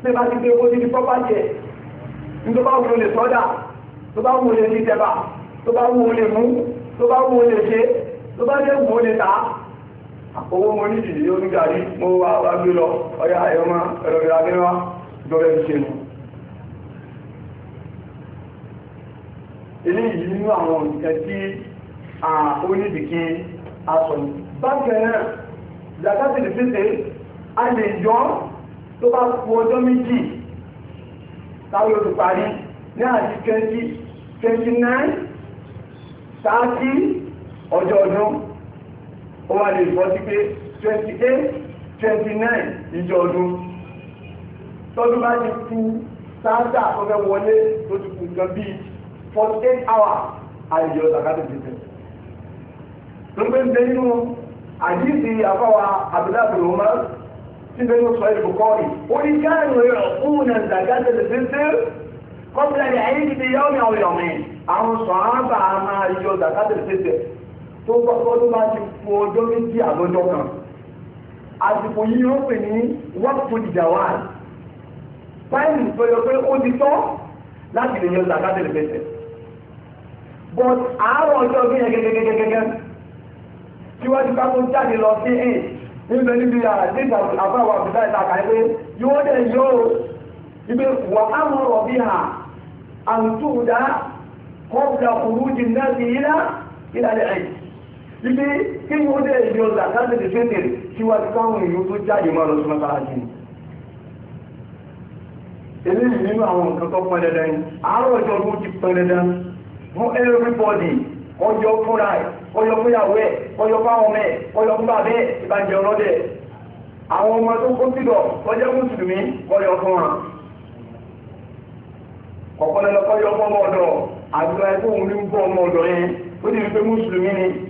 Speaker 1: bí bá ti gbé ikú ti fi pọ́pá jẹ ní tó bá wù ó lè sọ́dà tó bá wù ó lè ní tẹ́bà tó bá wù ó lè mú tó bá wù ó lè ṣe tó bá jẹ́ mò ń lè ta owó mo ní ìdílé onígàrí mo wá wá gbé lọ ọyá ẹ̀rọ máa ẹ̀rọ ìrà mi wá gbọ́dọ̀ fi ṣe nù. eléyìí nínú àwọn nǹkan tí onídìkì aṣọ ni. bákan náà zakati lè fèsè a lè yọ tó bá ku ọjọ́ méjì táwọn yóò parí ní àti twenty twenty ọjọ́ ọdún ó wà lè fọ́ sí pé twenty eight twenty nine ìjọ ọdún tọ́dún bá ti kú sáńtà tó fẹ́ wọlé tó ti kú nǹkan bíi forty eight hours àìyọ zakatu bìtẹ̀ tó ń pè ń bẹ nínú àdìsí àfọwà abdullahi abdulhamid tí bẹ́ẹ̀ ló sọ ẹ́ bukọ́rì ó ní káàrù rẹ̀ òun náà zakatu bìtẹ̀ kọ́pìlà ní ayé ti di yọ́ọ̀mì àwọn yọ̀mì àwọn sọ̀rọ̀ àbà máa yọ zakatu bìtẹ̀ tó gbọ́dọ̀ bá ti fún ọjọ́ méjì àlọ́jọ́ kan àsìkò yìí ó pè ní wọ́pù ìjàwá fáìlì tó yọ pé ó ti tọ́ láti lè yọ zakatẹ̀lẹ̀ bẹ̀tẹ̀ but àárọ̀ ọjọ́ bí yẹn gẹ́gẹ́gẹ́gẹ́gẹ́ tí wọ́n ti kákó jáde lọ sí ẹ̀ níbẹ̀ níbi àdéhùn àbáwọ̀ àbúdá ìtàkà ẹ̀ pé yóò dẹ̀ yọ o ibi wà á mọ̀ ọ̀rọ̀ bí hà àǹtúndà kọ́ọ̀dà kùrú jìnnà sí ilá ilá ẹ̀ ibi kí ni ó dé ìjọ zakati ti fi tèrè kí wá sí káwọn èèyàn tó jáde máa lọ sí mọ́sálásí ni. eléyìí nínú àwọn nǹkan tó pọn dandan ni àárọ̀ ọjọ́ tó ti pọn dandan fún everybody ọjọ́ fúnra ẹ̀ ọjọ́ fúnyàwó ẹ̀ ọjọ́ fáwọn ọmọ ẹ̀ ọjọ́ fún bàbá ẹ̀ ìbànújẹ́ ọlọ́dẹ̀ àwọn ọmọ tó kó sílọ ọjọ́ mùsùlùmí ọjọ́ fún wọn ọ̀pọ̀lọpọ̀ ọjọ́ fún ọmọ ọ̀dọ̀ àgbà ẹ̀kọ́ òun ní ń bọ́ ọmọ ọ̀dọ̀ yẹn ó ti rí pé mùsùlùmí ni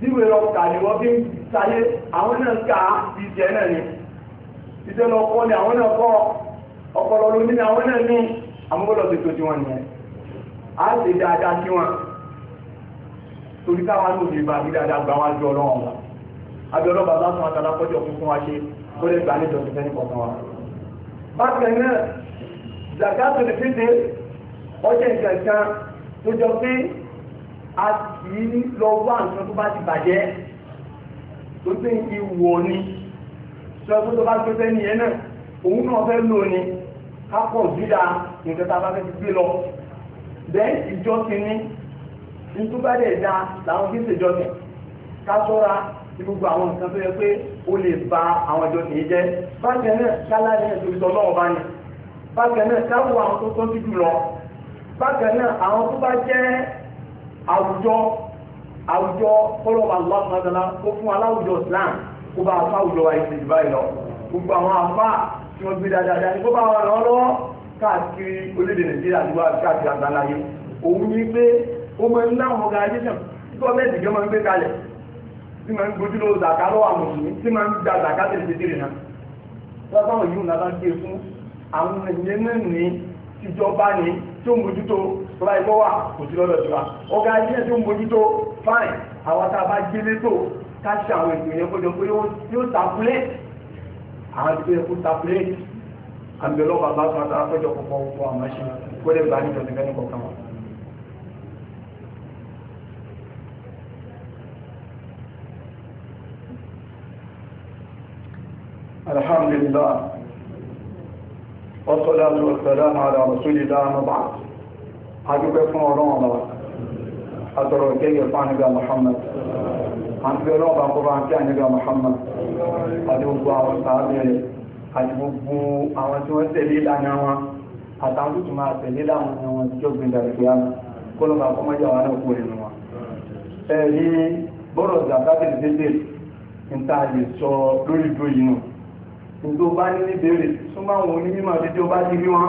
Speaker 1: níwèé lọ kà ní wọ́n fi ń sayé àwọn náà kà á ti jẹ́ náà ni iṣẹ́ lọ kọ́ ni àwọn náà kọ́ ọpọlọ lómi ni àwọn náà ní amúgbọ́dọ̀ ti tó tiwọn nìyẹn á ṣe dáadáa sí wọn torí káwa ló lè bàbí dáadáa gba wájú ọlọ́run wa àbí ọlọ́ba bá tún àtàlà kọjọ fún wa ṣe kó lè gbà níjọ tó fẹ́ni kọ̀ọ̀kan wa. bákan náà zakato lè fi dé ọjà ìgbà kan tó jọ pé a kì í lọ wá nǹkan tó bá ti bàjẹ́ tó ti ń fi wọ̀ ni sọ pé tó bá gbé fẹ́ nìyẹn náà òun náà fẹ́ lò ni ká pọ̀ síra nǹkan tá a bá fẹ́ ti gbé lọ bẹ́ẹ̀ ìjọ ti ní nítorí bá dẹ̀ da làwọn kí ń ṣèjọ tẹ̀ ká sọ́ra ní gbogbo àwọn nǹkan tó yẹ pé ó lè ba àwọn ìjọ tìyẹ jẹ́ bákan náà kálá ní ẹ̀sùn ìtọ́ náà bá ní bákan náà káwọ àwọn tó tọ́jú jù lọ bákan náà àwọn tó bá jẹ́ àwùjọ àwùjọ kọlọ́ba lọ́sọ̀dọ́lá kó fún aláwùjọ Islam kó bá afá àwùjọ wa ìṣe jù báyìí lọ gbogbo àwọn afá tí wọ́n gbé dáadáa ní kó bá wọn lọ́wọ́ káàkiri orílẹ̀ Nàìjíríà àti wàá káàkiri àgbáláyé òun ni pé ó máa ń dáhùn organisation tí gọ́ọ̀mẹ̀ntì gan máa ń gbé kalẹ̀ tí máa ń gbójú lọ zàká lọ́wọ́ àwọn tí máa ń gba tẹ̀lé náà tí ó mójútó tọ́lá ìbọ́ wà kò sí lọ́dọ̀ tiwa ọ̀gá ilé tí ó mójútó fáìn àwọn tá a bá gbélé tó ká ṣe àwọn ètò yẹn kó jọ pé yóò takulé àwọn ti yẹ kó takulé àmì ọlọ́pàá bá sọ àtàrà kọjọ pọ̀pọ̀ ọkọ̀ àmọ́ṣe kó lè bá níjọ nígbẹ́ nìkan kan wọn. alhamdulillah والصلاة والسلام على رسول الله وبعد adúpẹ́ fún ọlọ́run ọba àtọ̀rọ̀ ìkẹ́gẹ̀ fún àníbà Muhammad àti ọlọ́run bá kọ́ bá ń kí àníbà Muhammad àti gbogbo àwọn sàábẹ̀rẹ̀ àti gbogbo àwọn tí wọ́n tẹ̀lé ìlànà wọn àtàwọn tó tún máa tẹ̀lé ìlànà wọn tí ó gbìn dàrí pé àná kó ló bá tó bá ní níbèrè súnmọ́ àwọn onímọ̀ àti tí ó bá ti rí wọn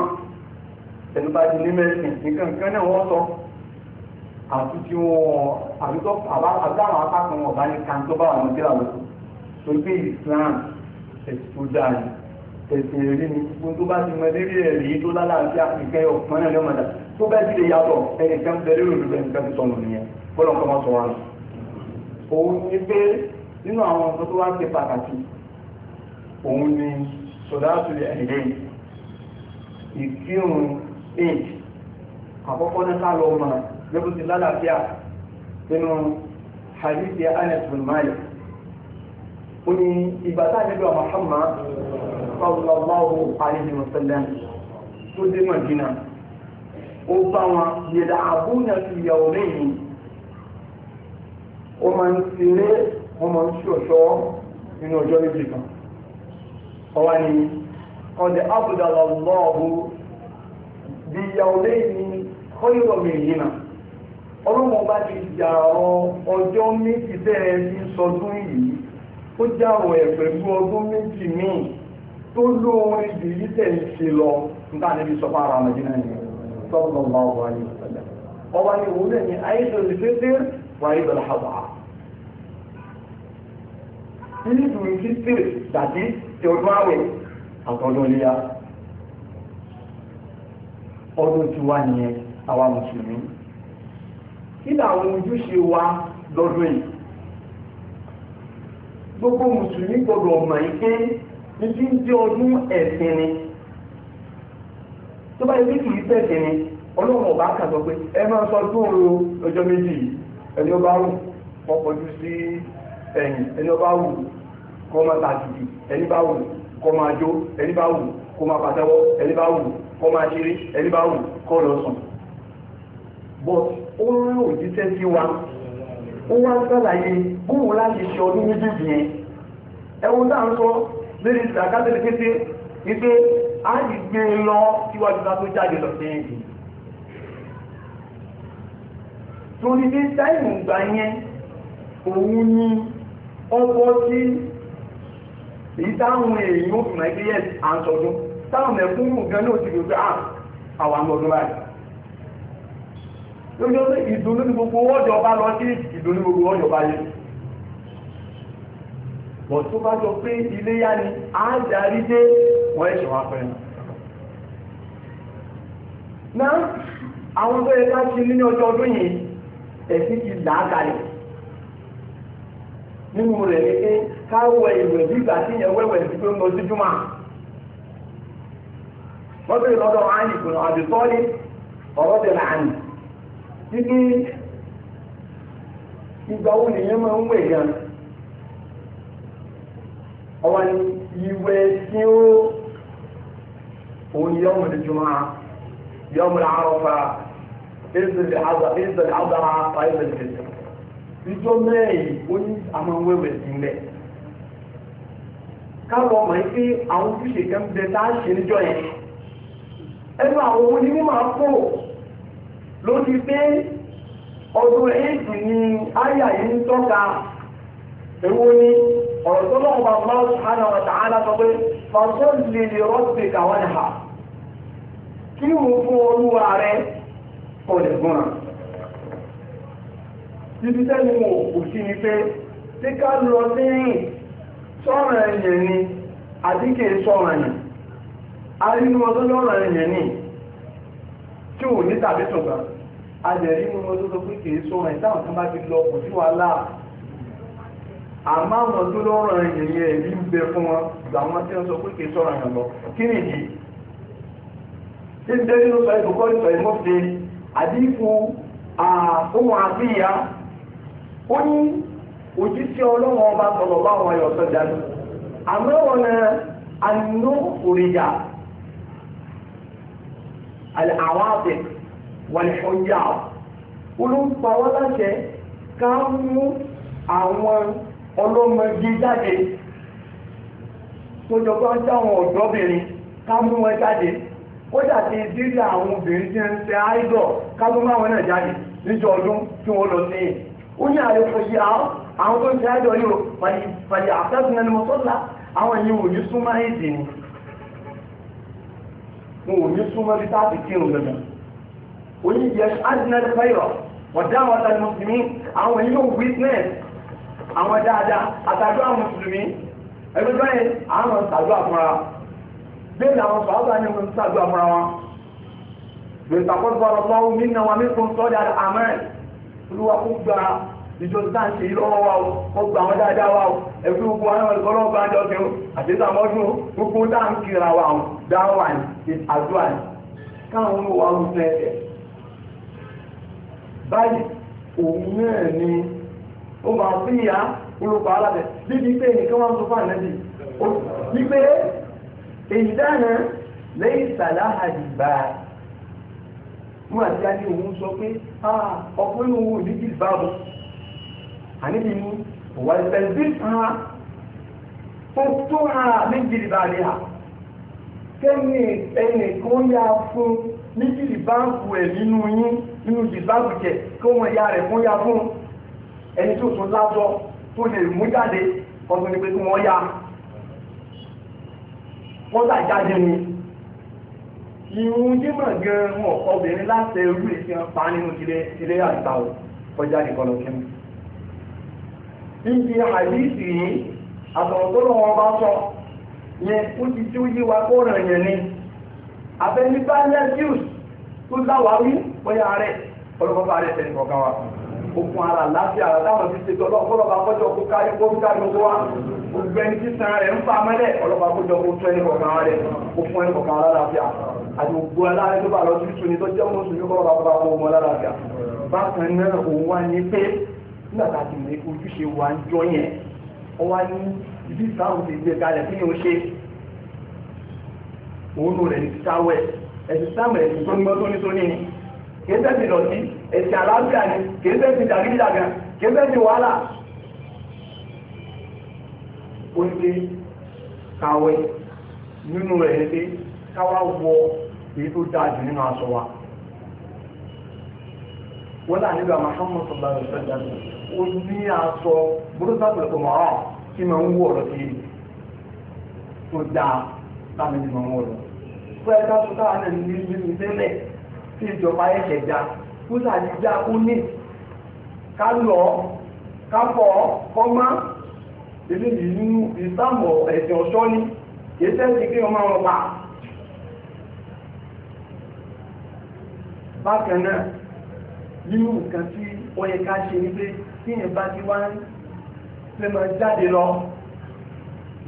Speaker 1: ẹnu bá ti ní mẹ́sìn nǹkan nǹkan náà wọ́n sọ àti tí wọ́n àti tó àbáwọn apákan wọn bá ní kan tó bá wà ní kíláà lọ́sọ̀ tó gbé Islam ẹ̀sìn tó dáa ni ẹ̀sìn èrí ni gbogbo tó bá ti mọ lérí ẹ̀rí tó lálàáfíà nǹkan yọ̀ kan náà lọ́mọdà tó bá ti lè yàtọ̀ ẹnìkan bẹ̀rẹ̀ lórí nǹkan ti sọ wọn. òun òun ni sọ̀dáàtúlì ẹ̀dẹ́ ìkírun eight àkọ́kọ́ ní ká lọ́ọ́ mọ̀ lẹ́bùn ti lálàáfíà nínú hadithi Anas bin Malik ó ní ìgbà tá a nílò Muhammad sallallahu alaihi wasallam tó dé Madina ó bá wọn yẹ̀dà àbúnyà ti yàwó lẹ́yìn ó máa ń ṣeré wọ́n máa ń ṣọ̀ṣọ́ nínú ọjọ́ méjì kan ọwá ni ọdẹ abudala lọ́ọ̀bù bí yàwùlé ní kọ́yọ̀ mìíràn ọlọ́mọ bá ti jàrọ ọjọ́ méjì bẹ́ẹ̀ ní sọdún yìí ó jàrọ ẹ̀ pẹ̀lú ọdún méjì míì tó lóorin jù yìí tẹ̀ ń ṣe lọ nígbà níbi sọ́kọ́ ara màdínà yìí sọ́kọ́ ọ̀gá ọ̀gá ọ̀gá ọ̀gá ni òun náà ni àìsàn ìfẹ́fẹ́ wà ìbẹ̀rẹ̀ àwọn nínú spirit tàbí ti ọdún àwẹ̀ àtọ́dún iléyà ọdún ti wá nìyẹn àwa mùsùlùmí kí làwọn ojúṣe wa lọ́dún yìí gbogbo mùsùlùmí gbọdọ̀ mọ̀ yìí pé jẹ́ ọdún ẹ̀sìn ni tó bá kí kìí ni ọlọ́run ọba sọ pé ẹ kó máa ta gidi ẹni bá wù kó máa jó ẹni bá wù kó máa pàtẹ́wọ́ ẹni bá wù kó máa ṣeré ẹni bá wù kó lọ sùn. but ó rán òjíṣẹ́ sí wa ó wá sàlàyé bóun láti ṣe ọdún méjèèjì yẹn ẹ̀wọ̀n tá à ń sọ lórí ìsàkátẹ́lẹ̀ kété wípé a ti gbé e lọ síwájú ká tó jáde lọ sí ẹ̀yìn. torí pé táìmù gbà yẹn òun ni ọkọ̀ sí èyí táwọn èèyàn ó fi mọ̀ ẹgbẹ́ yẹn à ń sọdún táwọn mẹ̀kúnnù gan náà ti ah, gbogbo à àwọn àmọ́ báyìí. lójú ìdùnnú ní gbogbo ọjọ́ bá lọ sí ìdùnnú gbogbo ọjọ́ bá yẹ. bọ̀ tó bá jọ pé iléyá ni á darí dé wọ́n ẹ̀ṣọ́ wa fẹ́. náà àwọn tó yẹ ká ṣe ọjọ́ ọdún yìí ẹ̀sìn ti là á kalẹ̀. nínú rẹ̀ ni pé ká wẹ ìwẹ̀ bígbà tí yẹn wẹ̀wẹ̀ sí pé ń lọ sí júmọ̀ wọ́n bèrè lọ́dọ̀ áyì kùnà àdìsọ́lì ọ̀rọ̀ tẹ̀lé àyì títí ìgbà wo nìyẹn máa ń wẹ̀ gan ọwọ́ ni ìwẹ̀ tí ó òun yẹ ọmọ ìdíjúmọ́ yẹ ọmọ ìdíjúmọ́ ìdíjúmọ́ ìdíjúmọ́ ìdíjúmọ́ ìdíjúmọ́ ìdíjúmọ́ ìjọ mẹ́rin ó ní àwọn wẹ́wẹ́ sílẹ̀ káwọn mọ̀ pé àwọn ojúṣe kan tá a ṣe níjọ yẹn ẹnu àwọn onímọ̀ máa kó ló ti pé ọdún èèdù ni àyà yìí ń tọ́ka èwo ni ọ̀rọ̀ tó lọ́wọ́ bá Allah subhanahu wa ta'ala sọ pé fasalli li rabbika wanhar kí wọ́n fún olúwa rẹ̀ kò lè níbi tẹ́nu òkú sí ni pé tí ká lọ lẹ́yìn sọ́rọ̀ ẹ̀yẹ̀ ni àti kìí sọ́rọ̀ ẹ̀yẹ̀ arínú ọdún lọ́rọ̀ ẹ̀yẹ̀ ni tí ò ní tàbí ṣùgbọ́n adẹ̀rí inú ọdún tó pé kìí sọ́rọ̀ ẹ̀yẹ̀ táwọn tó bá ti lọ kò sí wàhálà àmọ́ àwọn tó lọ́rọ̀ ẹ̀yẹ̀ yẹn èyí ń bẹ fún wọn làwọn tí wọ́n sọ pé kìí sọ́rọ̀ ẹ̀yẹ̀ lọ kí nìyí tí ń tẹ́lẹ̀ ló sọ ẹ̀kọ́ ìsọ̀ ìmọ̀fẹ́ ó ní òjíṣẹ́ ọlọ́run ọba sọ̀rọ̀ báwọn ayọ̀ sọ jáde àmọ́ wọn na anú òrìjà àlẹ́ àwọn àbẹ̀ wàlẹ̀ ọjà olùpa wọn láṣẹ ká mú àwọn ọlọ́mọdé jáde tó jọ bá ń táwọn ọ̀dọ́bìnrin ká mú wọn jáde kódà ti dídá àwọn obìnrin tí ń ṣe áìdọ̀ ká mú wọn náà jáde níjọ ọdún tí wọ́n lọ sí yìí ó ní ààrẹ fòṣì àwọn àwọn tó ń ṣe àjọ yóò pàdé àfẹ́sùn ẹni mọ́tọ́lá àwọn èyí ò ní súnmọ́ èdè ni wọn ò ní súnmọ́ bí táàbì kí òun lọ́nà ó ní yẹ adinari fẹ́yọ̀ ọ̀dá àwọn àtàlẹ́ mùsùlùmí àwọn èyí yóò witness àwọn dáadáa àtàjọ àwọn mùsùlùmí ẹgbẹ́ báyìí àwọn àtàjọ àfúnra bẹ́ẹ̀ ni àwọn sọ̀rọ̀ bá ní ìwé ń tàjọ àfúnra wọn. bẹ́ẹ̀ sàkóso ọ̀rọ̀ lọ́wọ́ mí olúwa gba ìjọ sáǹtì yìí lọ́wọ́ wa o gba àwọn dáadáa wa o ẹ̀fí gbogbo àwọn ọ̀dọ́ ọlọ́wọ́ bá ń jọ kí o àtẹ́sà mọ́dún o gbogbo dáńkìra wa o dáwà ní àdúrà ní káwọn olówó ń fẹ́ ẹ̀. báyìí òun náà ni ó máa fi ìyá olùkọ́ pé nìkan èyí dáná lẹ́yìn sàlá fún àti àti òun sọ pé ah, ọkùnrin òun ò ní kí ìbámu àníbi ní wà ìfẹ̀sí ha tó tó ha ní jìlìbàlì ha kẹ́ni ẹnìkan yá fún ní jìlìbàbù ẹ̀ nínú yín nínú jìlìbàbù jẹ kí wọ́n ya rẹ̀ fún ya fún ẹni tó tún lásọ tó lè mú jáde ọdún ni pé kí wọ́n ya wọ́n tà jáde ni. irun jímọ̀ gan wọn ọ̀pọ̀ láti ẹrú ìfihàn pa nínú ilé àgbà kọjá nìkan lọ kí wọn. níbi àdìsí yìí wọn bá sọ yẹn ó ti tí ó yí wa kó ràn yẹn ni abẹ́ni bá lẹ́síùs tó bóyá ara láti ara táwọn ti bá kọjọ kó kárí kó kárí àti gbogbo aláàrẹ tó bá lọ sí sunni tó jẹ́ mùsùlùmí kọ́ bàbá wọn ọmọ lára àgbà bákan náà òun wá ní pé nígbà tá a ti mọ̀ ojúṣe wa ń jọ yẹn ó wá ní ibi ìsáhùn ti gbé kalẹ̀ kí ni ó ṣe òun rẹ̀ ní sáwẹ̀ ẹ̀sìn sáwẹ̀ ẹ̀sìn tó ní mọ́ tóní tóní ni kìí fẹ́ ti lọ sí ẹ̀sìn àlàáfíà ni kìí fẹ́ ti dàgídàgà kìí fẹ́ ti wàhálà. ó ní pé nínú rẹ̀ ní pé káwá wọ èyí tó dáa jù nínú aṣọ wa wọ́n náà nígbà Muhammad sallallahu alaihi wa sallam ó ní aṣọ burúkú pẹ̀lú mọ́ra kí máa ń wọ̀ ọ̀rọ̀ sí i tó dáa láti ní máa ń wọ̀ ọ̀rọ̀ fún ẹ̀ka tó táwa náà ní nínú tẹ́lẹ̀ tí ìjọba ẹ̀ṣẹ̀ já kúta ní já ní ká lọ ká fọ kọ́má eléyìí nínú ìsámọ̀ ẹ̀sìn ọ̀ṣọ́ ni kì í sẹ́yìn kí wọ́n máa ń pa. bákan náà nínú nǹkan tí ó yẹ ká ṣe ni pé tí yẹn bá ti wá ń fẹ́ máa jáde lọ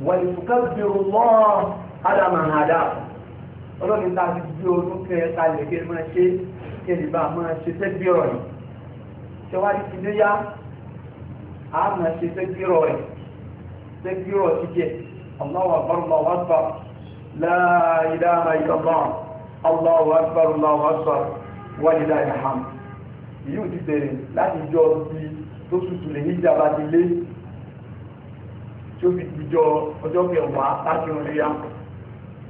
Speaker 1: wàlùfùkàbìrù mọ́ ádámàhàdá ọlọ́run tá a ti gbé ọdún kẹta lè kí ẹ máa ṣe kí ẹ lè bá a máa ṣe tẹ́gbìrọ̀ yìí tẹwájú ti lé yá a máa ṣe tẹ́gbìrọ̀ rẹ̀ tẹ́gbìrọ̀ ti jẹ Allahu akbar Allahu akbar la ilaha illallah Allahu akbar Allahu akbar wọ́n ní láì hàn yóò ti bẹ̀rẹ̀ láti jọ bí tó tutù lè níjà bá ti lé tí ó fi ti jọ ọjọ́ kẹwàá láti rìn ríra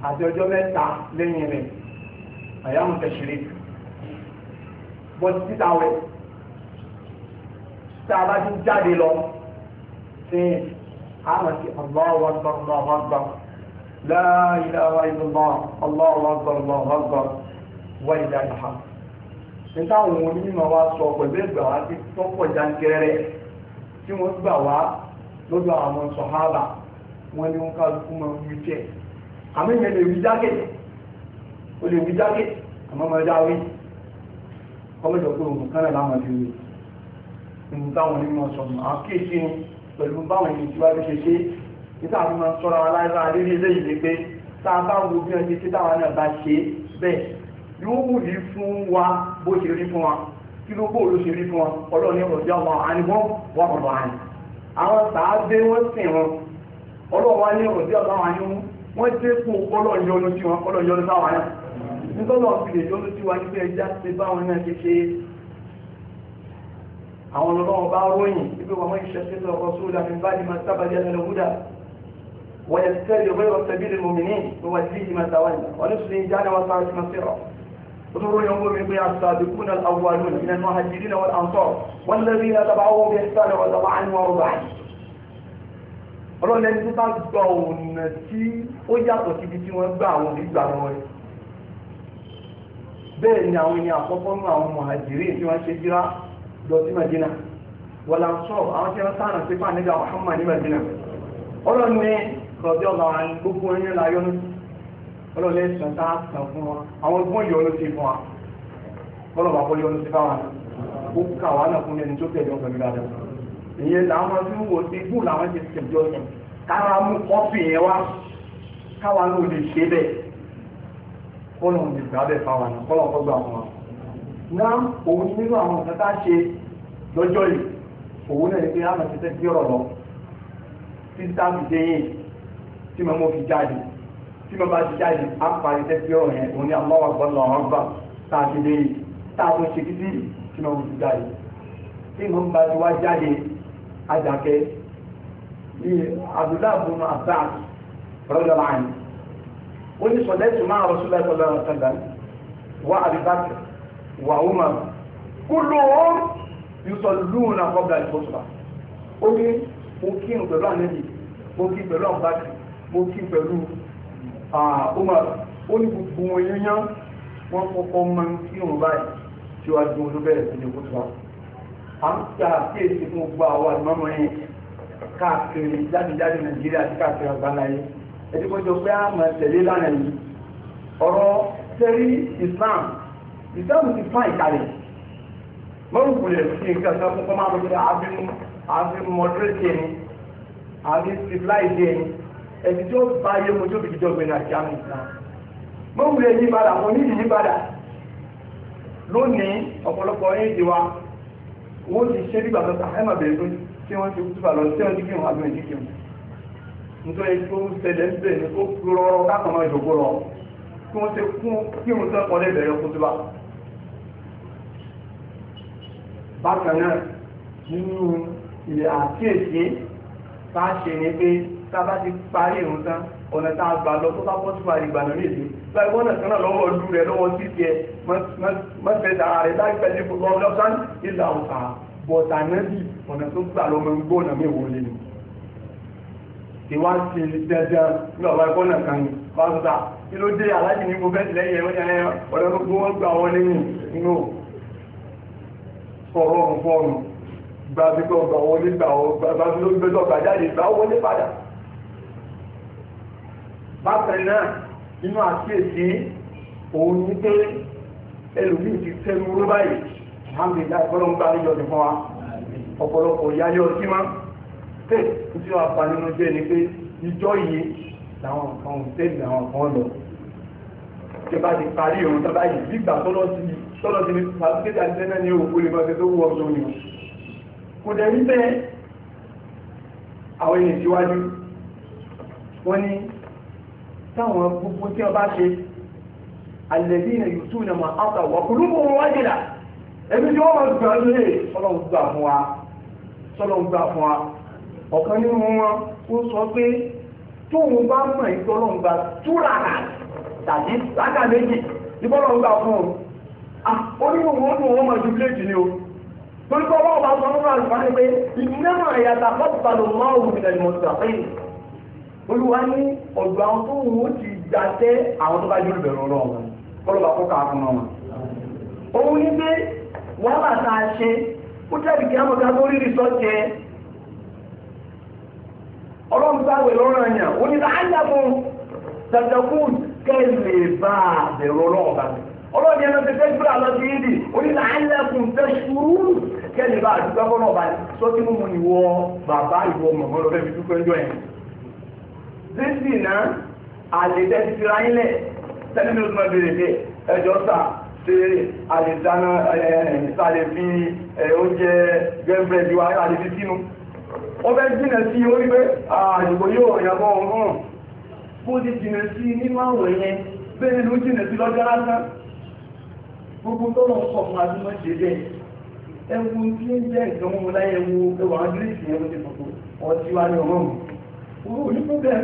Speaker 1: àti ọjọ́ mẹ́ta lẹ́yìn rẹ̀ àyàmù tẹ̀sírí bọ́tí títà wẹ̀ tá a bá ti jáde lọ sí àwọn ti Allahu Akbar Allahu Akbar la ilaha illallah Allahu Akbar Allahu Akbar wa lillahi alhamd nítawọn onímọ̀ wa sọ pẹ̀lú ẹgbà wa ti tọ́pọ̀ jankẹrẹ tí wọ́n gbà wá lọ́dọ̀ àwọn sọ̀hábà wọn ni wọn kálukú máa wí tẹ̀ àmì yẹn lè wí jákè ó lè wí jákè àmọ́ máa dá wí kọ́mẹ́jọ pé òun kánà láwọn ti wí nínú táwọn onímọ̀ sọ̀rọ̀ àkéèsí ni pẹ̀lú báwọn ènìyàn tí wàá fi ṣe ṣe nígbà tí wọ́n sọ̀rọ̀ aláìsàn àdéhùn eléyìí ni yóò wù ní fún wa bó ṣe rí fún wa kí ló bó ló ṣe rí fún wa ọlọ́run ní ọjọ́ ọmọ àníwọ́ wọ́n kọ̀ lọ́ àní. àwọn sàábé wọ́n sìn wọn ọlọ́run wá ní ọjọ́ ọmọ àníwọ́ wọ́n dé fún ọlọ́run yọnu sí wọn ọlọ́run yọnu sáwọn náà nítorí wọn fi lè yọnu sí wa nígbà ẹja ṣe báwọn náà ṣe àwọn ọlọ́run bá ròyìn ibi wọn máa ṣe sílẹ̀ wọ́n yẹ sẹ́yìn ọgbẹ́ ọ̀sẹ̀ bíi lè mọ̀mìnì wọ́n wá sí ìmọ̀ sáwọn ọ̀nà sùn ní ìjánu wọn sáré sí máa ṣe rọ̀. وتقول يوم القيامة السابقون الأولون من المهاجرين والأنصار والذين تبعوه بإحسان وتبعا وربعا ọlọ́run ẹni tó bá gba ọ̀nà tí ó yàtọ̀ síbi tí wọ́n gbà àwọn onígbà wọn rẹ̀ bẹ́ẹ̀ ni àwọn ẹni àkọ́kọ́ nínú àwọn mọ̀hàjírí tí wọ́n ṣe jíra lọ sí Madina wọ́n la sọ àwọn tí wọ́n sáànà sí fún ànígbà Muhammad ní Madina ọlọ́run ní kọ̀ọ̀dé ọ̀la gbogbo ẹni láyọ́nù sí ọlọ́lẹ̀ ẹ̀sán tá a sàn fún wọn àwọn ọgbọ́n yọ̀ọ́ ló ti fún wa kọ́lọ̀ bàbá yọ̀ọ́ ló ti bá wa ó kà wá náà fún ẹni tó tẹ̀lé ọ̀gbẹ̀mí dáadáa ìyẹn làwọn tí wọ́n ti gbù làwọn ti tẹ̀jọ́ yẹn kára mú kọ́fì yẹn wá káwa ló lè ṣe bẹ́ẹ̀ kọ́lọ̀ ń dìgbà bẹ́ẹ̀ fáwa náà kọ́lọ̀ kọ́ gbà fún wa náà òun nínú àwọn nǹkan tá a ṣe lọ́jọ́ yìí òun náà ni pé àmọ̀ ti tẹ́ sí ọ̀rọ̀ lọ títí tá a fi dé yìí tí màmú fi jáde tí mo bá ti jáde á parí tẹ́tí ọ̀rọ̀ yẹn òun ni aláwọ̀ gbọ́dọ̀ ọ̀rọ̀ gbà tá a ti dé yìí tá a tó ṣe títí tí mo ti jáde tí mo bá ti wá jáde àjàkẹ́ ní abdullahi abdul abdul rọ́jò láàyè ó ní sọ̀dẹ́ tó máa rọ̀ sílẹ̀ tó lọ́rọ̀ sẹ́lẹ̀ wá àbíbákẹ́ wà Umar kúlù wọn yóò lùú náà kọ́ bí i àìsàn ó ní mo kí pẹ̀lú ànẹ́bì mo kí pẹ̀lú àbúbákẹ́ mo kí pẹ̀lú Ah, Umar ó ní gbogbo wọn yányán wọ́n kọ́kọ́ máa ń kí òun báyìí tí wàá ju olú bẹ̀rẹ̀ sí ní kó tó à ń ta àkíyèsí fún gbogbo àwọn àdìmọ́mọ́ yẹn káàkiri jáde-jáde Nàìjíríà àti káàkiri àgbáláyé ẹ̀dínkọjọ pé a máa tẹ̀lé lánàá yìí ọ̀rọ̀ sẹ́rí Islam Islam ti fún àìkàlẹ̀ mọ́rùn kò lè fi nǹkan sọ fún kọ́má àbí mọ́dúrétì ẹni àbí sífláìdì ẹni ẹni tó bá yé mo tó fi jíjọ gbẹ̀rẹ̀ àti àmì ìsìlámù mo ń wulẹ̀ yípadà mo ní ìyípadà lónìí ọ̀pọ̀lọpọ̀ ẹ̀yìn ti wa wọ́n ti ṣe bí bàbá ẹ̀ mà bẹ̀rẹ̀ lónìí tí wọ́n ti kútu bàlọ́ tí wọ́n ti kírun àbí ẹ̀jẹ̀ kírun nítorí tó ń ṣẹlẹ̀ ń bẹ̀ ní rọrọ kákan náà ìdòkó rọ kí wọ́n ti kún kírun tán kan lè bẹ̀rẹ̀ kútu bá. bákan náà nínú ilẹ̀ àkíyèsí bá ṣe ni pé tába ti parí ìrun tán ọ̀nà tá a gbà lọ tó bá bọ́ sípa ìgbà náà yìí láì wọ́n nàkan náà lọ́wọ́ ọdún rẹ lọ́wọ́ títí ẹ mọ́tẹ́ta rẹ láì pẹ̀lú ìfowópamọ́ lọ́sàn ìlà ọ̀tà bọ̀tà náà bì ọ̀nà tó gbà lọ́mọ ń gbóná mi wò lé ni. ìwà ń ṣe dandan ní ọ̀bá ẹ̀kọ́ náà kan ní pásítà kí ló dé aláàjì ní gbogbo ẹ̀sìn lẹ́yìn ọ̀nà gbogbo wọn gbà wọn lẹ́yìn inú sọ̀rọ̀ ọ̀rùn fọ́ọ̀rùn gbàgbé tó gbà wọlé gbà wọlé gbàjáde gbà wọlé padà bákan náà nínú àkíyèsí òun ní pé ẹlòmíì ti tẹnu ró báyìí hàmìlá ìfọlọ́ngbà yọ ní fún wa ọ̀pọ̀lọpọ̀ ìyá yọ sí wọn pé tí wọ́n fa nínú jẹ́ ni pé ìjọ yìí làwọn nǹkan ò tẹ́lẹ̀ àwọn kan lọ tí bá ti parí òun tó báyìí nígbà tọ́lọ́ sí i tọ́lọ́ sí i pàṣípẹ́tà ti tẹ́lẹ̀ ní òkú lè máa fi tó wú ọ̀dọ́ ni kò dẹ̀ ní bẹ́ẹ̀ àwọn ènìyàn síwájú wọ́n ní táwọn gbogbo tí wọ́n bá ṣe alladhina yutuna ẹbí tí wọ́n máa gbà gbà fún wa ọ̀kan nínú wọn ó sọ pé tóun bá mọ̀ ìtọ́ ọlọ́run gbà túra tàbí lákà méjì nípa ọlọ́run gbà fún un onímọ̀ wọn wọn máa ju ni o torí pé ọlọ́run bá sọ nínú àlùfáà ni pé ìnáwó olúwa ní ọ̀dọ̀ àwọn tó wù ú ti gbàtẹ́ àwọn tó bá jẹ́ olùbẹ̀rù ọlọ́run kọ́lọ́ba kọ́ka fún wọn. òun ní pé wọ́n bá ta ṣe ó tẹ̀lé kí amọ̀ta tó rí rìsọ́ọ̀tì ẹ̀ ọlọ́run bá wẹ̀ lọ́rọ̀ yẹn ó ní láàyè fún tẹ̀tẹ̀kùn kẹ́lẹ̀ bá bẹ̀rù ọlọ́run bá mi ọlọ́run yẹn lọ sí fẹ́gbẹ́ àlọ́ sí ìdì ó ní láàyè fún tẹ̀sùrù kẹ́lẹ̀ bá àdúgbò ọlọ́run sọ́tí mú ìwọ bàbá ìwọ mọ̀mọ́ lọ́fẹ́ mi dúpẹ́ jọ yẹn zéńdì náà àlèdẹ́ ti fira yín lẹ̀ tẹ́lẹ̀mí ló máa bèrè pé ẹjọ́ sà ṣe àlèdáná ṣàlè fi oúnjẹ gẹ́gbẹ̀rẹ̀ wa àlè fi sínú wọ́n fẹ́ jìnà sí orí pé àyùkò yóò yàgbọ́ ọ̀hún bó ti jìnà sí nínú àwọ̀ yẹn bẹ́ẹ̀ ló jìnà sí lọ́jọ́ lásán gbogbo tọ́lọ̀ ń pọ̀ fún adúmọ̀ ṣe bẹ́ẹ̀ ẹwu tí ń jẹ́ ìdánwò láyẹ̀wò ẹwà ángírísì yẹn ló ti fòfò ọtí wa ní ọ̀rọ̀ òun onífúnbẹ́ẹ̀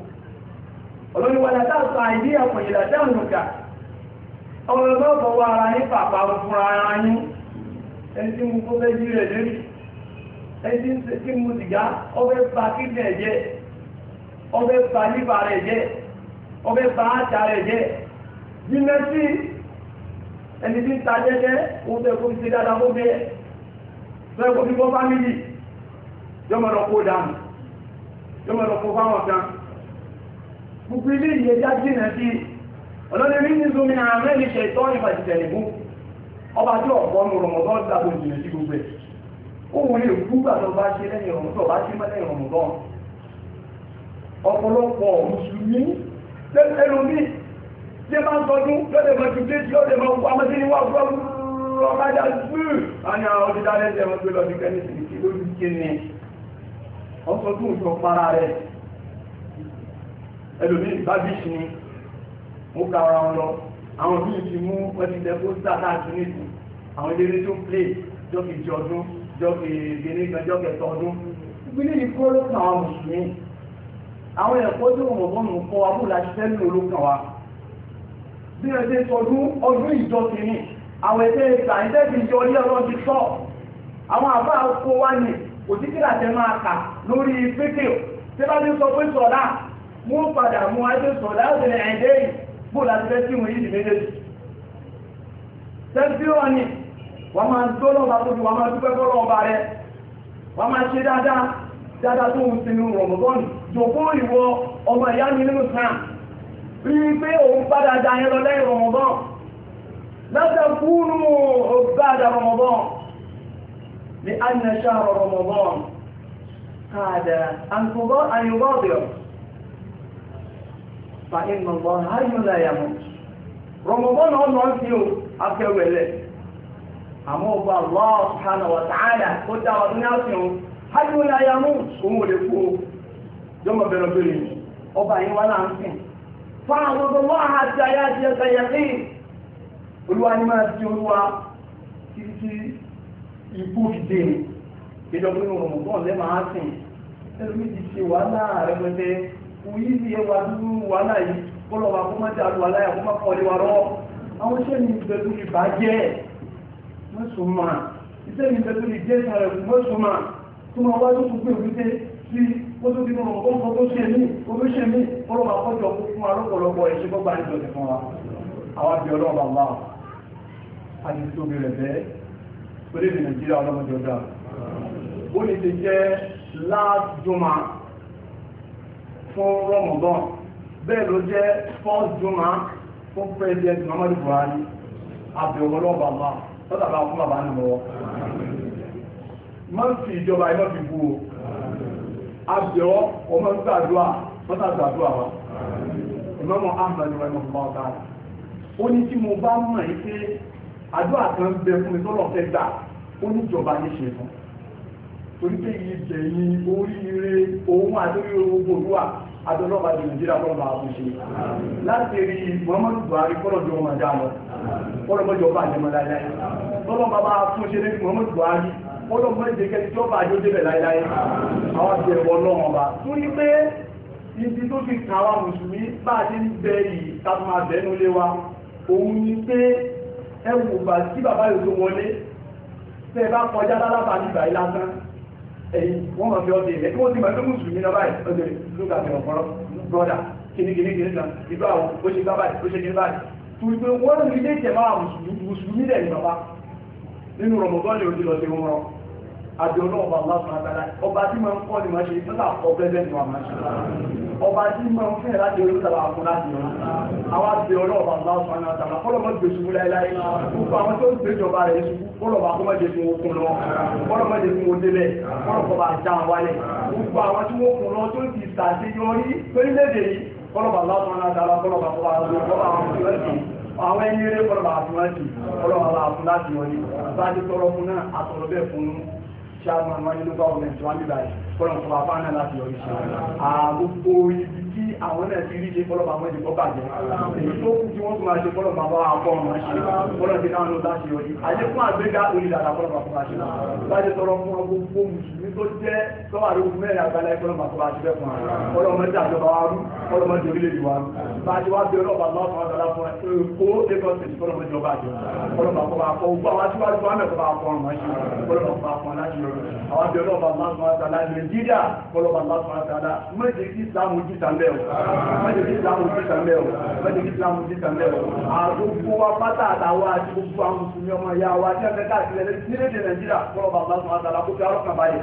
Speaker 1: olóyún wọlé táàtù àìdí ẹ̀kùn ìlàjẹ́ òmùgà ọmọ ẹgbẹ́ ọ̀bọ̀wọ́ ara yín pàpà fúnra ara yín ẹni tí mo kó fẹ́ jí rẹ̀ lérí ẹni tí mo sìgá ọbẹ̀ ba kíndìn ẹ̀jẹ̀ ọbẹ̀ ba lífà rẹ̀ jẹ́ ọbẹ̀ ba àtà rẹ̀ jẹ́ jìnnà sí ẹni tí ń ta jẹ́jẹ́ ó fẹ́ kó fi ṣe dáadáa kó bẹ́ẹ̀ fẹ́ kó fi bọ́ fámìlì yọmọ lọ kó dànù yọmọ kó fáwọn kan gbogbo ilé ìyẹn já jìnà sí ọlọ́dẹ mi ní zomi àárẹ̀ ní ṣe ìtọ́ nípa ìtẹ̀lẹ̀ mú ọba tí ọ̀pọ̀ ní rọmọdán gbàgbó jìnà sí gbogbo ẹ̀ ó wù ní ìkú gbàtọ́ bá ṣe lẹ́yìn rọmọdán bá ṣe mẹ́lẹ́yìn rọmọdán ọ̀pọ̀lọpọ̀ mùsùlùmí lẹ́lẹ́lómi tí a máa ń tọdún lọ́dẹ̀ máa ti déjì lọ́dẹ̀ máa wà máa ti ní wà gbọ́rù rọ́bádá gbúrù àni àwọn ọdún dálẹ́sẹ̀ wọn gbé lọ sí kẹ́ni sì ẹlòmíì bábíṣì ni mo ka ara wọn lọ àwọn míì ti mú wọ́n ti tẹ pósítà káàkiri nìkan àwọn eléré tó ń plé jọ́kì jọ ọdún jọ́kì gbẹ̀lẹ́ kan jọ́kì ẹ̀tọ́ ọdún ìpínlẹ̀ yìí kó ló kàn wá mùsùlùmí àwọn ẹ̀kọ́ tó mọ̀ bọ́ọ̀nù kọ́ wa bó la ṣiṣẹ́ nínú ló kàn wá bí ẹ ṣe sọdún ọdún ìjọ kìíní àwọn ẹ̀tẹ́ ìgbà ẹ̀tẹ́ ti yọ ilé ọlọ́run ti sọ àwọn àbá kó wá ní òtítí làtẹ máa lórí pété tí sọ pé sọ̀dá wọ́n padà mú ajé sọ̀dá ọ̀sẹ̀ ẹ̀dẹ́ yìí bó láti fẹ́ tí wọ́n yìí méjèèjì. sẹ́ńtì wọn ni wọ́n máa ń tó lọ́ba tó fi wọ́n máa dúpẹ́ fọ́ lọ́ba rẹ̀ wọ́n máa ṣe dáadáa dáadáa tó ń sinmi rọ̀mọ́bọ́ọ̀nù jòkó ìwọ ọmọ ìyá mi nínú sàn rí i pé òun padà da yẹn lọ lẹ́yìn rọ̀mọ́bọ́ọ̀n lọ́sẹ̀ kúrú ọgbà da rọ̀mọ́bọ́ọ̀n ní àyìnṣà rọ̀mọ́bọ́ọ̀n káàdà àǹkóbọ́ àyìnbọ́ọ̀dọ̀ fa iná lọ ayọ̀lá ya mọ̀ rọmọbọ́nà ọ̀nà ọ̀sìn o afẹ́wẹ̀lẹ̀ àmọ́ ọba Allah subhanahu wa ta'ala ó dá wa ní ọ̀sìn o ayọ̀lá ya mọ̀ òun ò lè kú o jọmọ bẹ̀rẹ̀ bẹ̀rẹ̀ ọba yín wà láà ń sìn fa àwọn ọmọ wọn àti ayé àti ẹsẹ̀ kò yí ni ẹwà dúró wàhálà yìí kọlọ wa kó má dà lù wàhálà yà kó má kọ́ ọ wa rọ àwọn iṣẹ́ mi bẹ̀rù ìbàjẹ́ mọ́sùnmá iṣẹ́ mi bẹ̀rù ìjẹ́ sàrẹ̀ mọ́sùnmá tó máa wá lóṣù pé òkúté sí kótó bí mo kọ́ kó ṣe mí kótó ṣe mí kọlọ wa kọjọ kó fún wa lọ́pọ̀lọpọ̀ ẹ̀ṣẹ́ kó gba ìjọ fún wa àwọn àbí ọlọ́run bàbá wa àti tóbi rẹ̀ bẹ́ẹ̀ pẹ̀lú ìrìn Nàìjíríà ọlọ́mọdé ọjà ó lè ti jẹ́ láàjọmọ́ fún rọmọbọ́n bẹ́ẹ̀ ló jẹ́ first juma fún president muhammadu buhari abẹ́wọ́lọ́ bàbá lọ́dà bá fún bàbá nìbọ̀ máa ń fi ìjọba iná fi bu o abẹ́wọ́ ọmọ ń gbàdúrà lọ́dà gbàdúrà wa ìmọ̀mọ́ ahmed rẹ̀ mọ̀ fún bàbá ó ní tí mo bá mọ̀ yìí pé àdúrà kan bẹ fún mi tó lọ́ọ́ fẹ́ gbà ó ní ìjọba ní ṣe fún un torí pé yìí tẹ̀yìn oríire òun àdórí gbogbo olúwa adọ́lọ́ba di nàìjíríà kọ́lọ́ba àbúṣe láti rí Muhammadu Buhari kọ́lọ́jọ́ ọmọ dá lọ kọ́lọ́mọjọ́ ọba àjẹmọ láyáyé kọ́lọ́mọ bá fúnṣe ní Muhammadu Buhari kọ́lọ́mọ ìdẹ́kẹ́ tí ọba àjọ débẹ̀ láyáyé àwọn àti ẹ̀wọ̀ ọlọ́run ọba torí pé ibi tó fi kà wá mùsùlùmí bá a ti ń bẹ yìí táwọn abẹ́nu lé wa òun ni pé ẹ wò bá tí bàbá yòókù wọlé tẹ́ ẹ bá kọjá lálábàá nígbà yìí lásán ẹ̀yìn wọ́n máa fi ọdẹ ilẹ̀ kí wọ́n ti máa tó mùsùlùmí náà báyìí ọdẹ lóga fi ọ̀pọ̀rọ̀ brọ́dà kìnnìkìnnì kìnnì kan ìgbà àwọn ó ṣe gbá báyìí ó ṣe kìnnì báyìí torí pé wọ́n rí ilé ìtẹ̀mọ́ àwọn mùsùlùmí dẹ̀ ní bàbá nínú rọmọdọ́ lè ojú lọ sí wọn àjọ náà ọba aláṣọ àtàlà ọba tí máa ń kọ́ ni máa ṣe nígbà ọ̀pẹ́lẹ́ ni wọ́n máa ṣe ọba tí mọ̀ ń fẹ́ láti orí sábà fún láti wọn. àwọn àti ọ̀rọ̀ ọba ọba ọ̀sán náà sábà kọ́lọ̀ mọ́ gbèsùn láéláé gbogbo àwọn tó ń gbèjọba rẹ̀ sùn kọ́lọ̀ ọba kọ́ mọ́jẹ fún okun lọ kọ́lọ̀ mọ́jẹ fún odélẹ̀ kọ́lọ̀ kọ́ bá já wálẹ̀ gbogbo àwọn tí wọ́n kun lọ tó ti ṣàṣeyọrí lórílẹ̀-èdè yìí kọ́lọ̀ bá lásán náà sábà kọ́lọ̀ bá kọ́ bá lọ́wọ́ àwọn ẹni eré kọlọ̀ bá fún láti kọlọ̀ bá fún láti wọlé bá ti tọrọ fún náà àtọ̀rọ̀ bẹ́ẹ̀ fún un chairman wáyé ló bá wọn ẹ̀jọ́ wá nígbà yìí kọ́lọ̀ tó bá bá náà láti yọrí sí àgbogbo ibi tí àwọn náà ti rí ṣe kọ́lọ̀ bá wọ́n ti kọ́ bàjẹ́ èyí tí wọ́n tún máa ṣe kọ́lọ̀ bá bá wa kọ́ ṣe kọ́lọ̀ tí náà ló láti yọrí àyẹ̀kún àgbéga onídàá kọ́lọ̀ bá fún wa ṣe láti tọrọ fún ọgbogbo mùsùlùmí tó lọ́wọ́ àdúgbò mẹ́rin àgbàlá ẹ̀kọ́ lọ́mọ àkọ́bá àti bẹ́ẹ̀ fún wa ọlọ́mọ ẹ̀dá àjọba wa rú ọlọ́mọ ẹ̀dá orílẹ̀ èdè wa rú bá a ti wá bí ọlọ́ba lọ́wọ́ fún ọ̀dọ́lá fún ẹ̀kọ́ lẹ́kọ̀ọ́ tẹ̀sí ọlọ́mọ ẹ̀dá ọba àjọ ọlọ́mọ àkọ́bá akọ́ gbogbo àwọn aṣíwájú wa mẹ́kọ̀ọ́ bá akọ́ ọ̀rùn máa ṣe ọlọ́mọ àkọ́bá akọ́ láti rọ àwọn bí ọlọ́ba lásán àtàlá nàìjíríà ọlọ́ba lásán àtàlá mẹ́jẹ̀ kí ìsìlámù jí sàmẹ́ o mẹ́jẹ̀ kí ìsìlámù jí sàmẹ́ o mẹ́jẹ̀ kí ìsìlámù jí sàmẹ́ o àgbogbo wa pátá àtàwọn àti gbogbo àwọn mùsùlùmí ọmọ ìyá wa tí a fẹ́ káàkiri ẹ̀ nílẹ̀ nàìjíríà ọlọ́ba lásán àtàlá kó fi arọ́kàn báyìí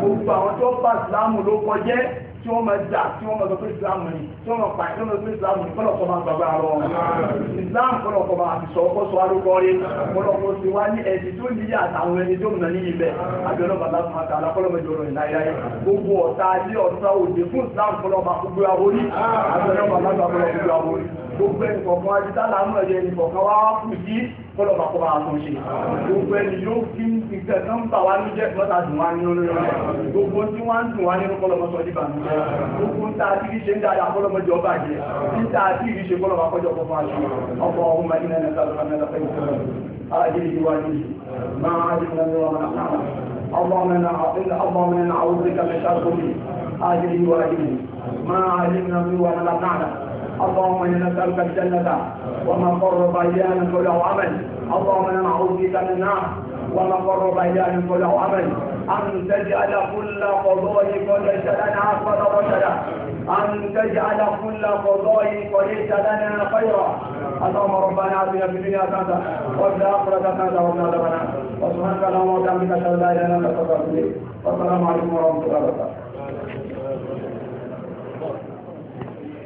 Speaker 1: gbogbo àwọn àwọn tí wọ́n bá ìsìlámù ló kọjẹ́ tí wọ́n máa jà tí wọ́n máa sọ pé ìsìlámù ni tí wọ́n máa pa tí wọ́n máa sọ pé ìsìlámù ni kọ́lọ̀ kọ́ máa gbàgbà lọ. ìsìlámù kọ́lọ̀ kọ́ máa sọ ọkọ́ sọ arúgbó rí kọ́lọ̀ kọ́ sí wá ní ẹ̀sìn tó níyà àtàwọn ẹni tó nà ní ibẹ̀ abiola bàbá máa ta alákọ́lọ̀ mẹ́jọ lọ ìnáyà gbogbo ọ̀tá ilé ọ̀tá òde fún ìsìlámù kọ́lọ̀ máa gbogbo gbogbo ẹni kọ̀ọ̀kan ajítá láàmú ẹ̀yẹ ẹni kọ̀ọ̀kan wá kù sí kọlọ̀pàá kọ́ máa tún ṣe gbogbo ẹni yóò fi ìgbẹ́ kan ń bà wá ní jẹ́ mọ́ta dùn wá nínú rẹ̀ gbogbo tí wọ́n ń dùn wá nínú kọlọ̀pọ̀ sọ ní bàmí gbogbo ń ta àti kí ṣe ń dáadáa kọlọ̀pọ̀ jọ bàjẹ́ ń ta àti kí ṣe kọlọ̀pọ̀ kọjọ kọ́ fún aṣọ ọkọ̀ ọ̀hún اللهم إنا نسألك الجنة وما قرب إليها من قول أو عمل اللهم إنا نعوذ بك من النار وما قرب إليها من قول أو عمل أن تجعل كل قضاء قضيت لنا عقبة رشدا أن تجعل كل قضاء قضيت لنا خيرا اللهم ربنا آتنا في الدنيا كذا، وفي الآخرة كذا وقنا عذاب النار وسبحانك اللهم وبحمدك أشهد أن لا إله إلا أنت أستغفرك والسلام عليكم ورحمة الله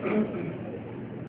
Speaker 1: وبركاته